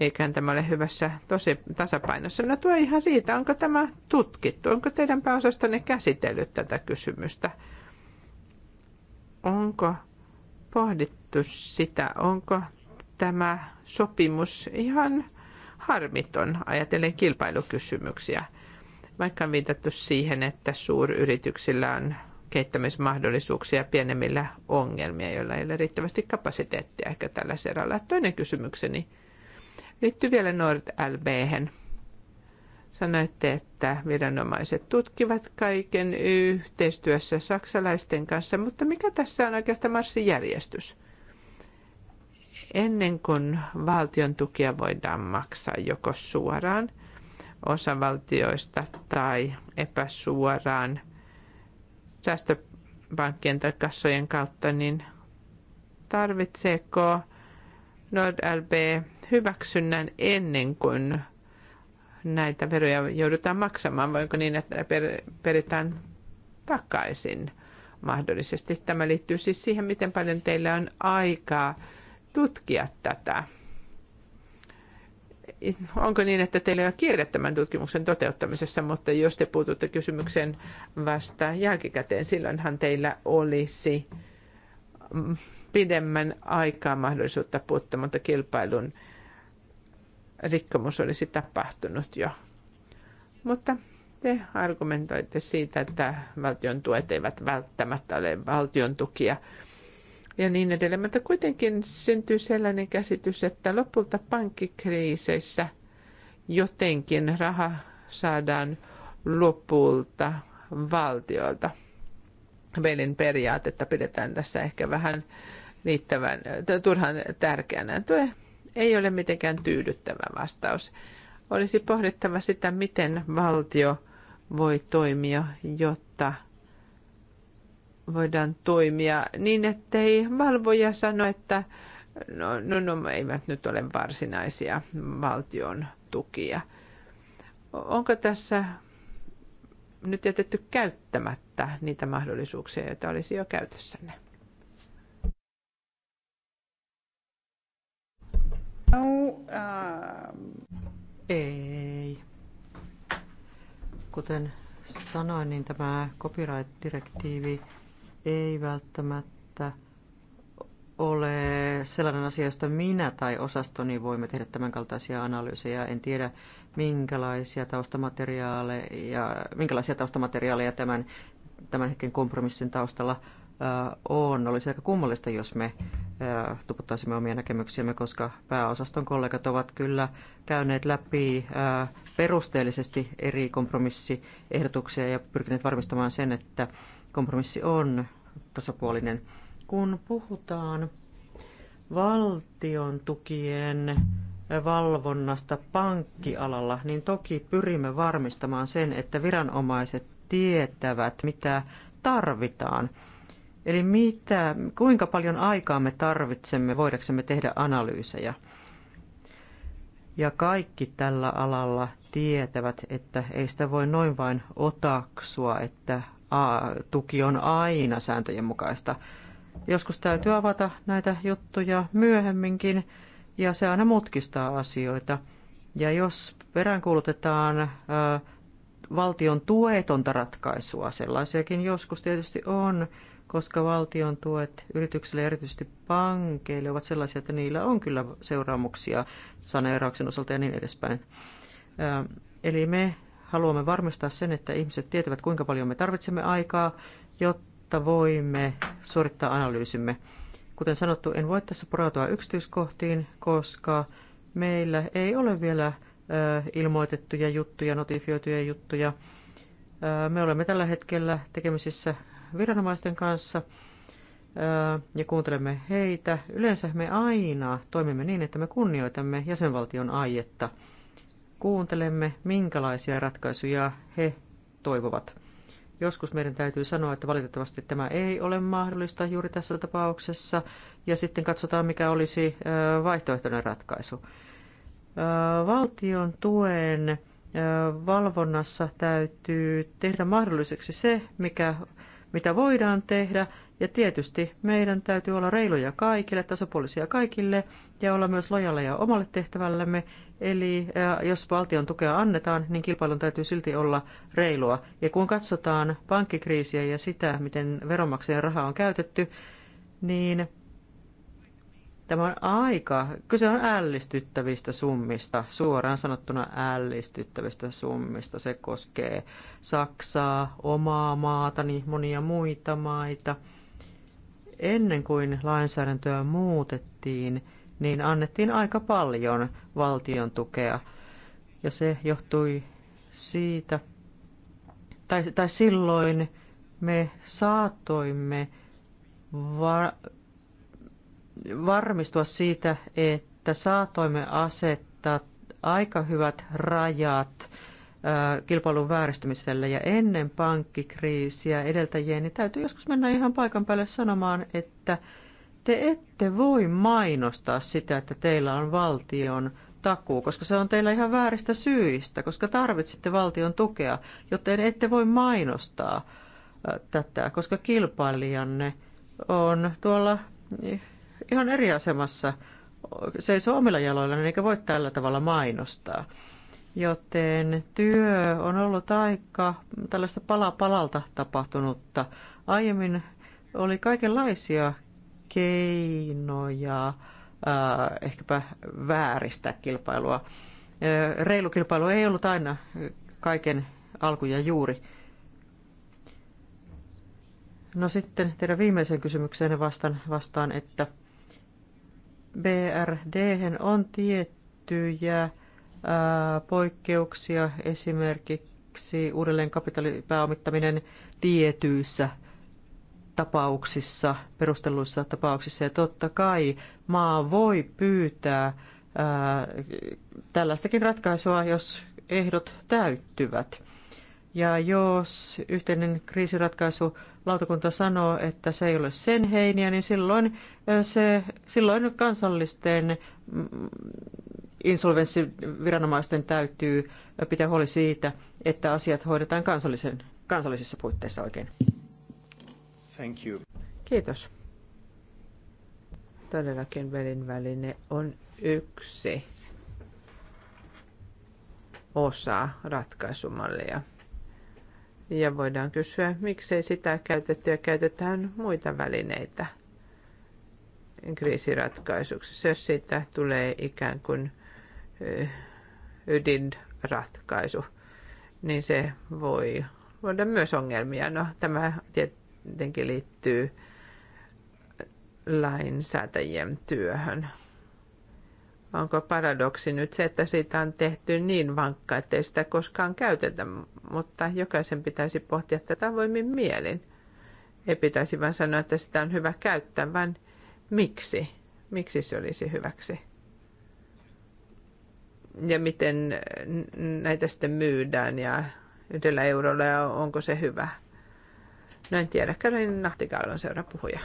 Eikä tämä ole hyvässä tosi tasapainossa. No tuo ihan siitä, Onko tämä tutkittu? Onko teidän pääosastanne käsitellyt tätä kysymystä? Onko pohdittu sitä, onko tämä sopimus ihan harmiton, ajatellen kilpailukysymyksiä vaikka on viitattu siihen, että suuryrityksillä on kehittämismahdollisuuksia pienemmillä ongelmia, joilla ei ole riittävästi kapasiteettia ehkä tällä seralla. Toinen kysymykseni liittyy vielä nordlb -hän. Sanoitte, että viranomaiset tutkivat kaiken yhteistyössä saksalaisten kanssa, mutta mikä tässä on oikeastaan marssijärjestys? Ennen kuin valtion tukia voidaan maksaa joko suoraan – osavaltioista tai epäsuoraan säästöpankkien tai kassojen kautta, niin tarvitseeko NordLB hyväksynnän ennen kuin näitä veroja joudutaan maksamaan? Voiko niin, että per, peritään takaisin mahdollisesti? Tämä liittyy siis siihen, miten paljon teillä on aikaa tutkia tätä onko niin, että teillä ei ole kiire tämän tutkimuksen toteuttamisessa, mutta jos te puututte kysymykseen vasta jälkikäteen, silloinhan teillä olisi mm, pidemmän aikaa mahdollisuutta puuttua, mutta kilpailun rikkomus olisi tapahtunut jo. Mutta te argumentoitte siitä, että valtion tuet eivät välttämättä ole valtion tukia ja niin edelleen. Mutta kuitenkin syntyy sellainen käsitys, että lopulta pankkikriiseissä jotenkin raha saadaan lopulta valtiolta. Meidän periaatetta pidetään tässä ehkä vähän riittävän, turhan tärkeänä. Tuo ei ole mitenkään tyydyttävä vastaus. Olisi pohdittava sitä, miten valtio voi toimia, jotta voidaan toimia niin, ettei valvoja sano, että no, no, no eivät nyt ole varsinaisia valtion tukia. Onko tässä nyt jätetty käyttämättä niitä mahdollisuuksia, joita olisi jo käytössänne? No, uh... Ei. Kuten sanoin, niin tämä copyright-direktiivi ei välttämättä ole sellainen asia, josta minä tai osastoni voimme tehdä tämän kaltaisia analyysejä. En tiedä, minkälaisia taustamateriaaleja, minkälaisia taustamateriaaleja tämän, tämän hetken kompromissin taustalla äh, on. Olisi aika kummallista, jos me äh, tuputtaisimme omia näkemyksiämme, koska pääosaston kollegat ovat kyllä käyneet läpi äh, perusteellisesti eri kompromissiehdotuksia ja pyrkineet varmistamaan sen, että kompromissi on tasapuolinen. Kun puhutaan valtion tukien valvonnasta pankkialalla, niin toki pyrimme varmistamaan sen, että viranomaiset tietävät, mitä tarvitaan. Eli mitä, kuinka paljon aikaa me tarvitsemme, voidaksemme tehdä analyysejä. Ja kaikki tällä alalla tietävät, että ei sitä voi noin vain otaksua, että tuki on aina sääntöjen mukaista. Joskus täytyy avata näitä juttuja myöhemminkin ja se aina mutkistaa asioita. Ja jos peräänkuulutetaan valtion tuetonta ratkaisua, sellaisiakin joskus tietysti on, koska valtion tuet yrityksille ja erityisesti pankeille ovat sellaisia, että niillä on kyllä seuraamuksia saneerauksen osalta ja niin edespäin. Eli me Haluamme varmistaa sen, että ihmiset tietävät, kuinka paljon me tarvitsemme aikaa, jotta voimme suorittaa analyysimme. Kuten sanottu, en voi tässä porautua yksityiskohtiin, koska meillä ei ole vielä ilmoitettuja juttuja, notifioituja juttuja. Me olemme tällä hetkellä tekemisissä viranomaisten kanssa ja kuuntelemme heitä. Yleensä me aina toimimme niin, että me kunnioitamme jäsenvaltion aietta – kuuntelemme, minkälaisia ratkaisuja he toivovat. Joskus meidän täytyy sanoa, että valitettavasti tämä ei ole mahdollista juuri tässä tapauksessa, ja sitten katsotaan, mikä olisi vaihtoehtoinen ratkaisu. Valtion tuen valvonnassa täytyy tehdä mahdolliseksi se, mikä, mitä voidaan tehdä, ja tietysti meidän täytyy olla reiluja kaikille, tasapuolisia kaikille ja olla myös lojaleja omalle tehtävällemme Eli jos valtion tukea annetaan, niin kilpailun täytyy silti olla reilua. Ja kun katsotaan pankkikriisiä ja sitä, miten veronmaksajien rahaa on käytetty, niin tämä on aika, kyse on ällistyttävistä summista, suoraan sanottuna ällistyttävistä summista. Se koskee Saksaa, omaa maatani, monia muita maita. Ennen kuin lainsäädäntöä muutettiin, niin annettiin aika paljon valtion tukea. Ja se johtui siitä, tai, tai silloin me saatoimme var, varmistua siitä, että saatoimme asettaa aika hyvät rajat kilpailun vääristymiselle ja ennen pankkikriisiä edeltäjiä, niin täytyy joskus mennä ihan paikan päälle sanomaan, että te ette voi mainostaa sitä, että teillä on valtion takuu, koska se on teillä ihan vääristä syistä, koska tarvitsette valtion tukea, joten ette voi mainostaa tätä, koska kilpailijanne on tuolla ihan eri asemassa, seisoo omilla niin eikä voi tällä tavalla mainostaa. Joten työ on ollut aika tällaista pala palalta tapahtunutta. Aiemmin oli kaikenlaisia keinoja ehkäpä vääristää kilpailua. Reilu kilpailu ei ollut aina kaiken alku ja juuri. No sitten teidän viimeiseen kysymykseen vastaan, vastaan että BRD on tiettyjä ää, poikkeuksia, esimerkiksi uudelleen kapitaalipääomittaminen tietyissä tapauksissa, perustelluissa tapauksissa. Ja totta kai maa voi pyytää ää, tällaistakin ratkaisua, jos ehdot täyttyvät. Ja jos yhteinen kriisiratkaisu lautakunta sanoo, että se ei ole sen heiniä, niin silloin, se, silloin kansallisten mm, insolvenssiviranomaisten täytyy pitää huoli siitä, että asiat hoidetaan kansallisen, kansallisissa puitteissa oikein. Thank you. Kiitos. Todellakin välin väline on yksi osa ratkaisumallia. Ja voidaan kysyä, miksei sitä käytetty ja käytetään muita välineitä kriisiratkaisuksessa, jos siitä tulee ikään kuin ydinratkaisu, niin se voi luoda myös ongelmia. No, tämä jotenkin liittyy lainsäätäjien työhön. Onko paradoksi nyt se, että siitä on tehty niin vankka, ettei sitä koskaan käytetä, mutta jokaisen pitäisi pohtia tätä voimin mielin. Ei pitäisi vain sanoa, että sitä on hyvä käyttää, vaan miksi? Miksi se olisi hyväksi? Ja miten näitä sitten myydään ja yhdellä eurolla ja onko se hyvä? No en tiedä, Karin Nahtikal on seuraava puhuja.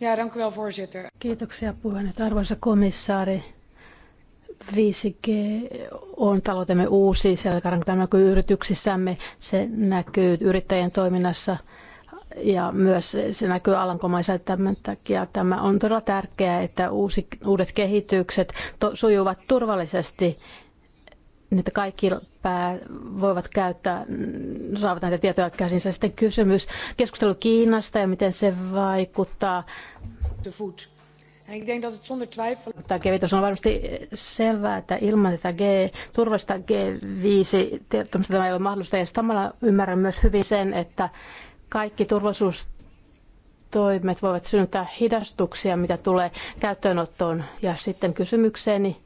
Ja, dank u wel, voorzitter. Kiitoksia puheenjohtaja. Arvoisa komissaari, 5G on taloutemme uusi selkäranka. Tämä näkyy yrityksissämme, se näkyy yrittäjien toiminnassa ja myös se näkyy alankomaissa. Tämän takia tämä on todella tärkeää, että uusi, uudet kehitykset to, sujuvat turvallisesti että kaikki pää, voivat käyttää, saavat näitä tietoja käsinsä. Sitten kysymys, keskustelu Kiinasta ja miten se vaikuttaa. Tämä kevitys on varmasti selvää, että ilman tätä G, turvallista G5-tietoista tämä ei ole mahdollista. Ja samalla ymmärrän myös hyvin sen, että kaikki toimet voivat synnyttää hidastuksia, mitä tulee käyttöönottoon. Ja sitten kysymykseeni,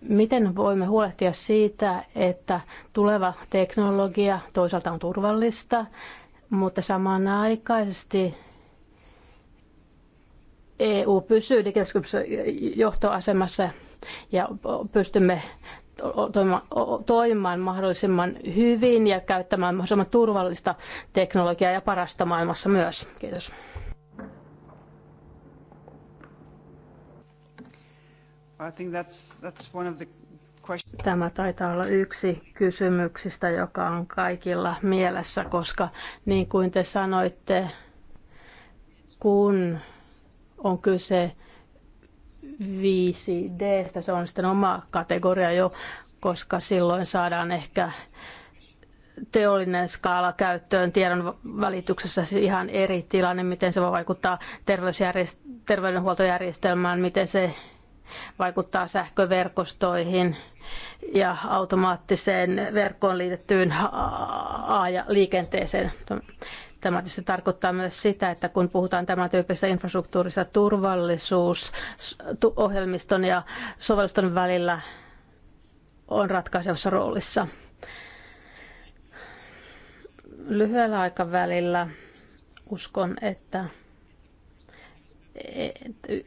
Miten voimme huolehtia siitä, että tuleva teknologia toisaalta on turvallista, mutta samanaikaisesti EU pysyy digitaalisessa johtoasemassa ja pystymme toimimaan mahdollisimman hyvin ja käyttämään mahdollisimman turvallista teknologiaa ja parasta maailmassa myös. Kiitos. Tämä taitaa olla yksi kysymyksistä, joka on kaikilla mielessä, koska niin kuin te sanoitte, kun on kyse 5D, se on sitten oma kategoria jo, koska silloin saadaan ehkä teollinen skaala käyttöön tiedon välityksessä ihan eri tilanne, miten se voi vaikuttaa terveydenhuoltojärjestelmään, miten se vaikuttaa sähköverkostoihin ja automaattiseen verkkoon liitettyyn liikenteeseen. Tämä tietysti tarkoittaa myös sitä, että kun puhutaan tämän tyyppisestä infrastruktuurista, turvallisuus ohjelmiston ja sovellusten välillä on ratkaisevassa roolissa. Lyhyellä aikavälillä uskon, että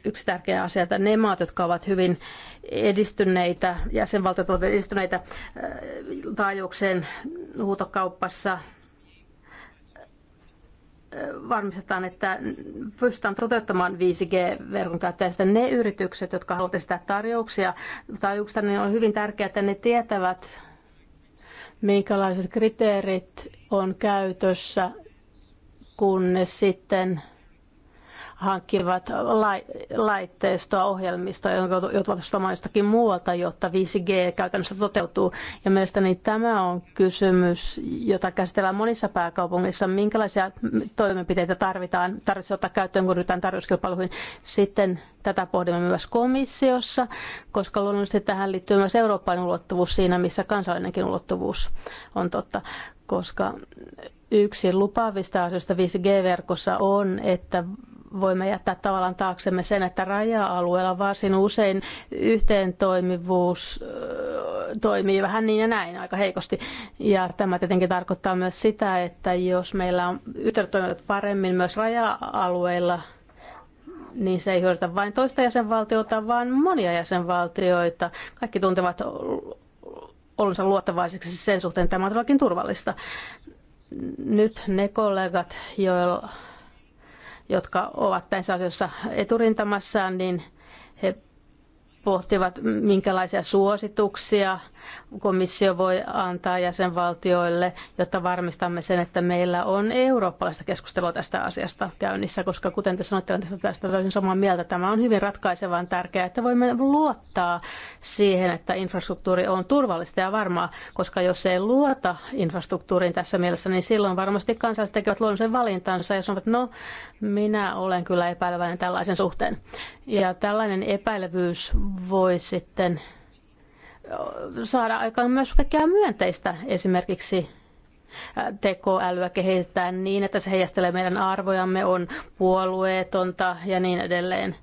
yksi tärkeä asia, että ne maat, jotka ovat hyvin edistyneitä, jäsenvaltiot ovat edistyneitä äh, taajuukseen huutokaupassa, äh, varmistetaan, että pystytään toteuttamaan 5G-verkon käyttäjä. ne yritykset, jotka haluavat sitä tarjouksia taajuuksista, niin on hyvin tärkeää, että ne tietävät, minkälaiset kriteerit on käytössä, kun ne sitten hankkivat laitteistoa, ohjelmistoa, jonka joutuvat ostamaan jostakin muualta, jotta 5G käytännössä toteutuu. Ja mielestäni tämä on kysymys, jota käsitellään monissa pääkaupungissa. Minkälaisia toimenpiteitä tarvitaan, tarvitsee ottaa käyttöön, kun ryhdytään tarjouskilpailuihin. Sitten tätä pohdimme myös komissiossa, koska luonnollisesti tähän liittyy myös Euroopan ulottuvuus siinä, missä kansallinenkin ulottuvuus on totta koska yksi lupaavista asioista 5G-verkossa on, että voimme jättää tavallaan taaksemme sen, että raja-alueella varsin usein yhteen toimivuus toimii vähän niin ja näin aika heikosti. Ja tämä tietenkin tarkoittaa myös sitä, että jos meillä on yhteydet paremmin myös raja-alueilla, niin se ei hyödytä vain toista jäsenvaltiota, vaan monia jäsenvaltioita. Kaikki tuntevat olonsa luottavaiseksi sen suhteen, että tämä on todellakin turvallista. Nyt ne kollegat, joilla jotka ovat näissä asioissa eturintamassaan, niin he pohtivat, minkälaisia suosituksia komissio voi antaa jäsenvaltioille, jotta varmistamme sen, että meillä on eurooppalaista keskustelua tästä asiasta käynnissä, koska kuten te sanoitte, olen tästä, tästä täysin samaa mieltä. Tämä on hyvin ratkaisevan tärkeää, että voimme luottaa siihen, että infrastruktuuri on turvallista ja varmaa, koska jos ei luota infrastruktuuriin tässä mielessä, niin silloin varmasti kansalaiset tekevät luonnollisen valintansa ja sanovat, no minä olen kyllä epäileväinen tällaisen suhteen. Ja tällainen epäilevyys voi sitten saada aikaan myös kaikkea myönteistä esimerkiksi tekoälyä kehittää niin, että se heijastelee meidän arvojamme, on puolueetonta ja niin edelleen.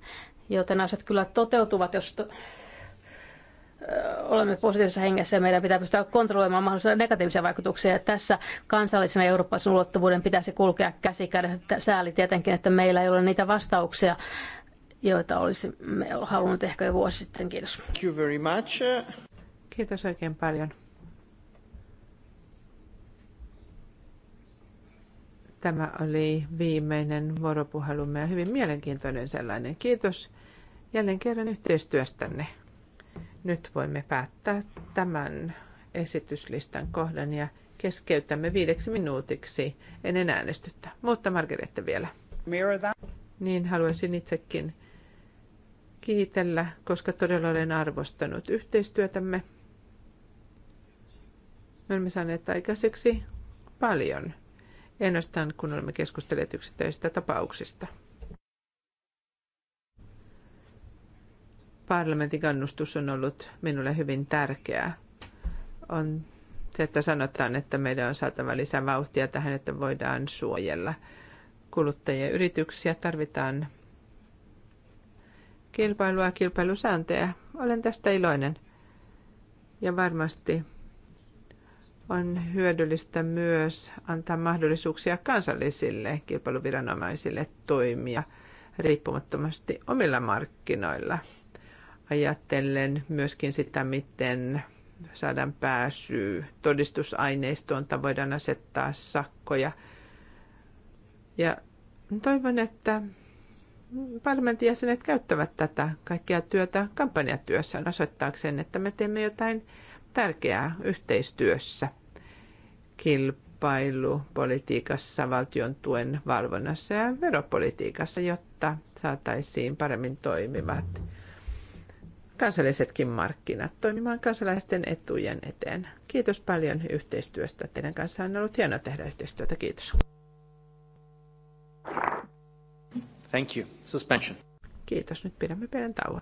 Joten asiat kyllä toteutuvat, jos to- olemme positiivisessa hengessä ja meidän pitää pystyä kontrolloimaan mahdollisia negatiivisia vaikutuksia. Ja tässä kansallisen ja eurooppalaisen ulottuvuuden pitäisi kulkea käsi kädessä. Sääli tietenkin, että meillä ei ole niitä vastauksia, joita olisi halunnut ehkä jo vuosi sitten. Kiitos. Thank you very much. Kiitos oikein paljon. Tämä oli viimeinen vuoropuhelumme ja hyvin mielenkiintoinen sellainen. Kiitos jälleen kerran yhteistyöstänne. Nyt voimme päättää tämän esityslistan kohdan ja keskeytämme viideksi minuutiksi ennen äänestyttä. Mutta Margarette vielä. Niin haluaisin itsekin kiitellä, koska todella olen arvostanut yhteistyötämme. Me olemme saaneet aikaiseksi paljon, ennastaan kun olemme keskustelleet yksittäisistä tapauksista. Parlamentin kannustus on ollut minulle hyvin tärkeää. On se, että sanotaan, että meidän on saatava lisää vauhtia tähän, että voidaan suojella kuluttajien yrityksiä. Tarvitaan kilpailua ja kilpailusääntöjä. Olen tästä iloinen. Ja varmasti on hyödyllistä myös antaa mahdollisuuksia kansallisille kilpailuviranomaisille toimia riippumattomasti omilla markkinoilla. Ajattelen myöskin sitä, miten saadaan pääsy todistusaineistoon tai voidaan asettaa sakkoja. Ja toivon, että parlamentin jäsenet käyttävät tätä kaikkea työtä kampanjatyössä osoittaakseen, että me teemme jotain tärkeää yhteistyössä kilpailupolitiikassa, valtion tuen valvonnassa ja veropolitiikassa, jotta saataisiin paremmin toimivat kansallisetkin markkinat toimimaan kansalaisten etujen eteen. Kiitos paljon yhteistyöstä. Teidän kanssa on ollut hienoa tehdä yhteistyötä. Kiitos. Thank you. Suspension. Kiitos. Nyt pidämme pienen tauon.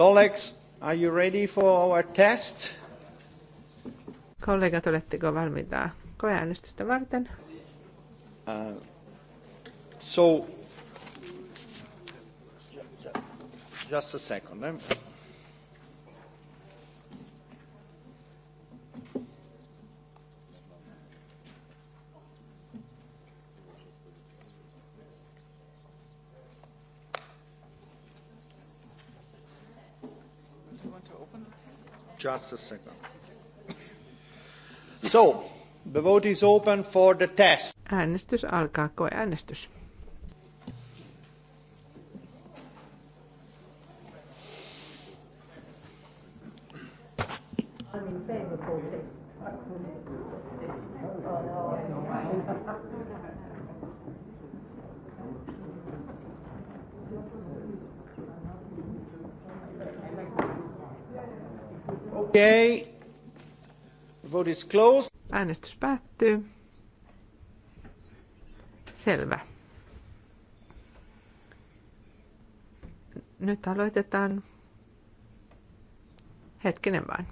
Colleagues, are you ready for our test? Kollegat, oletteko valmiita koeäänestystä varten? Uh, so, just a second. Eh? Just a second. So, the vote is open for the test. Äänestys alkaa, koe äänestys. Vote is closed. Äänestys päättyy. Selvä. Nyt aloitetaan. Hetkinen vain.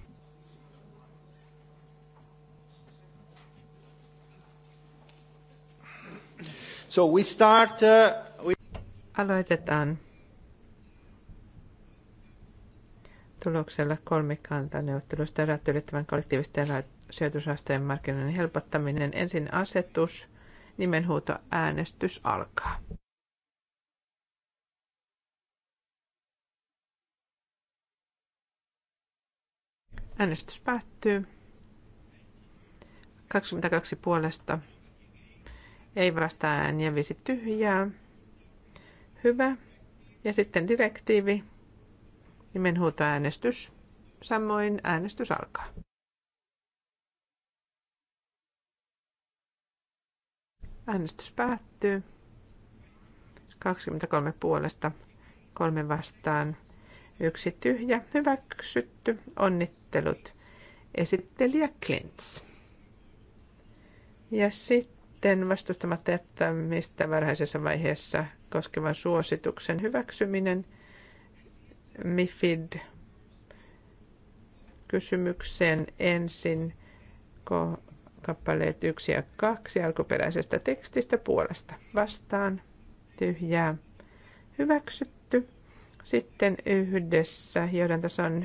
So we start, uh, we... Aloitetaan tuloksella kolmikantaneuvottelusta ja rajat ylittävän kollektiivisten Sijoitusasteen markkinoiden helpottaminen. Ensin asetus, nimenhuuto, äänestys alkaa. Äänestys päättyy. 22 puolesta. Ei vastaa ääniä, viisi tyhjää. Hyvä. Ja sitten direktiivi. nimenhuuto äänestys Samoin äänestys alkaa. Äänestys päättyy. 23 puolesta, kolme vastaan, yksi tyhjä, hyväksytty, onnittelut, esittelijä Klints. Ja sitten vastustamatta jättämistä varhaisessa vaiheessa koskevan suosituksen hyväksyminen, MIFID kysymykseen ensin kappaleet 1 ja 2 alkuperäisestä tekstistä puolesta vastaan tyhjää hyväksytty. Sitten yhdessä, joiden tässä on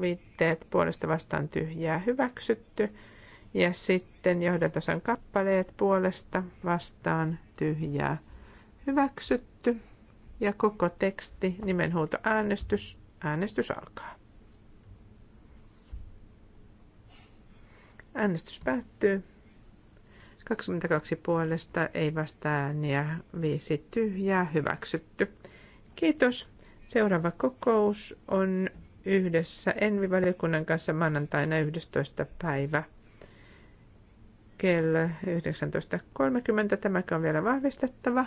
viitteet puolesta vastaan tyhjää hyväksytty. Ja sitten johdantason kappaleet puolesta vastaan tyhjää hyväksytty. Ja koko teksti, nimenhuuto äänestys, äänestys alkaa. Äänestys päättyy. 22 puolesta ei vastaan ja 5 tyhjää hyväksytty. Kiitos. Seuraava kokous on yhdessä Envi-valiokunnan kanssa maanantaina 11. päivä kello 19.30. Tämäkin on vielä vahvistettava.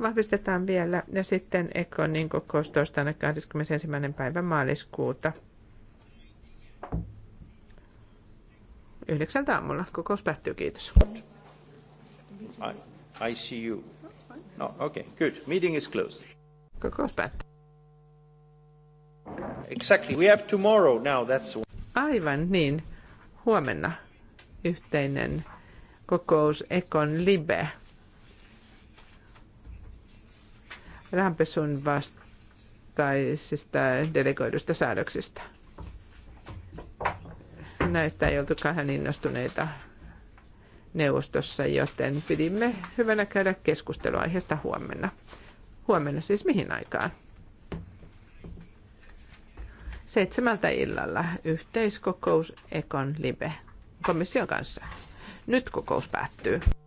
Vahvistetaan vielä ja sitten Ekonin kokous torstaina 21. päivä maaliskuuta. yhdeksältä aamulla. Kokous päättyy, kiitos. I, I see you. No, okay, good. Meeting is closed. Kokous päättyy. Exactly. We have tomorrow now. That's Aivan niin. Huomenna yhteinen kokous Ekon Libe. Rampesun vastaisista delegoidusta säädöksistä näistä ei oltu kahden innostuneita neuvostossa, joten pidimme hyvänä käydä keskustelua aiheesta huomenna. Huomenna siis mihin aikaan? Seitsemältä illalla yhteiskokous Ekon Libe komission kanssa. Nyt kokous päättyy.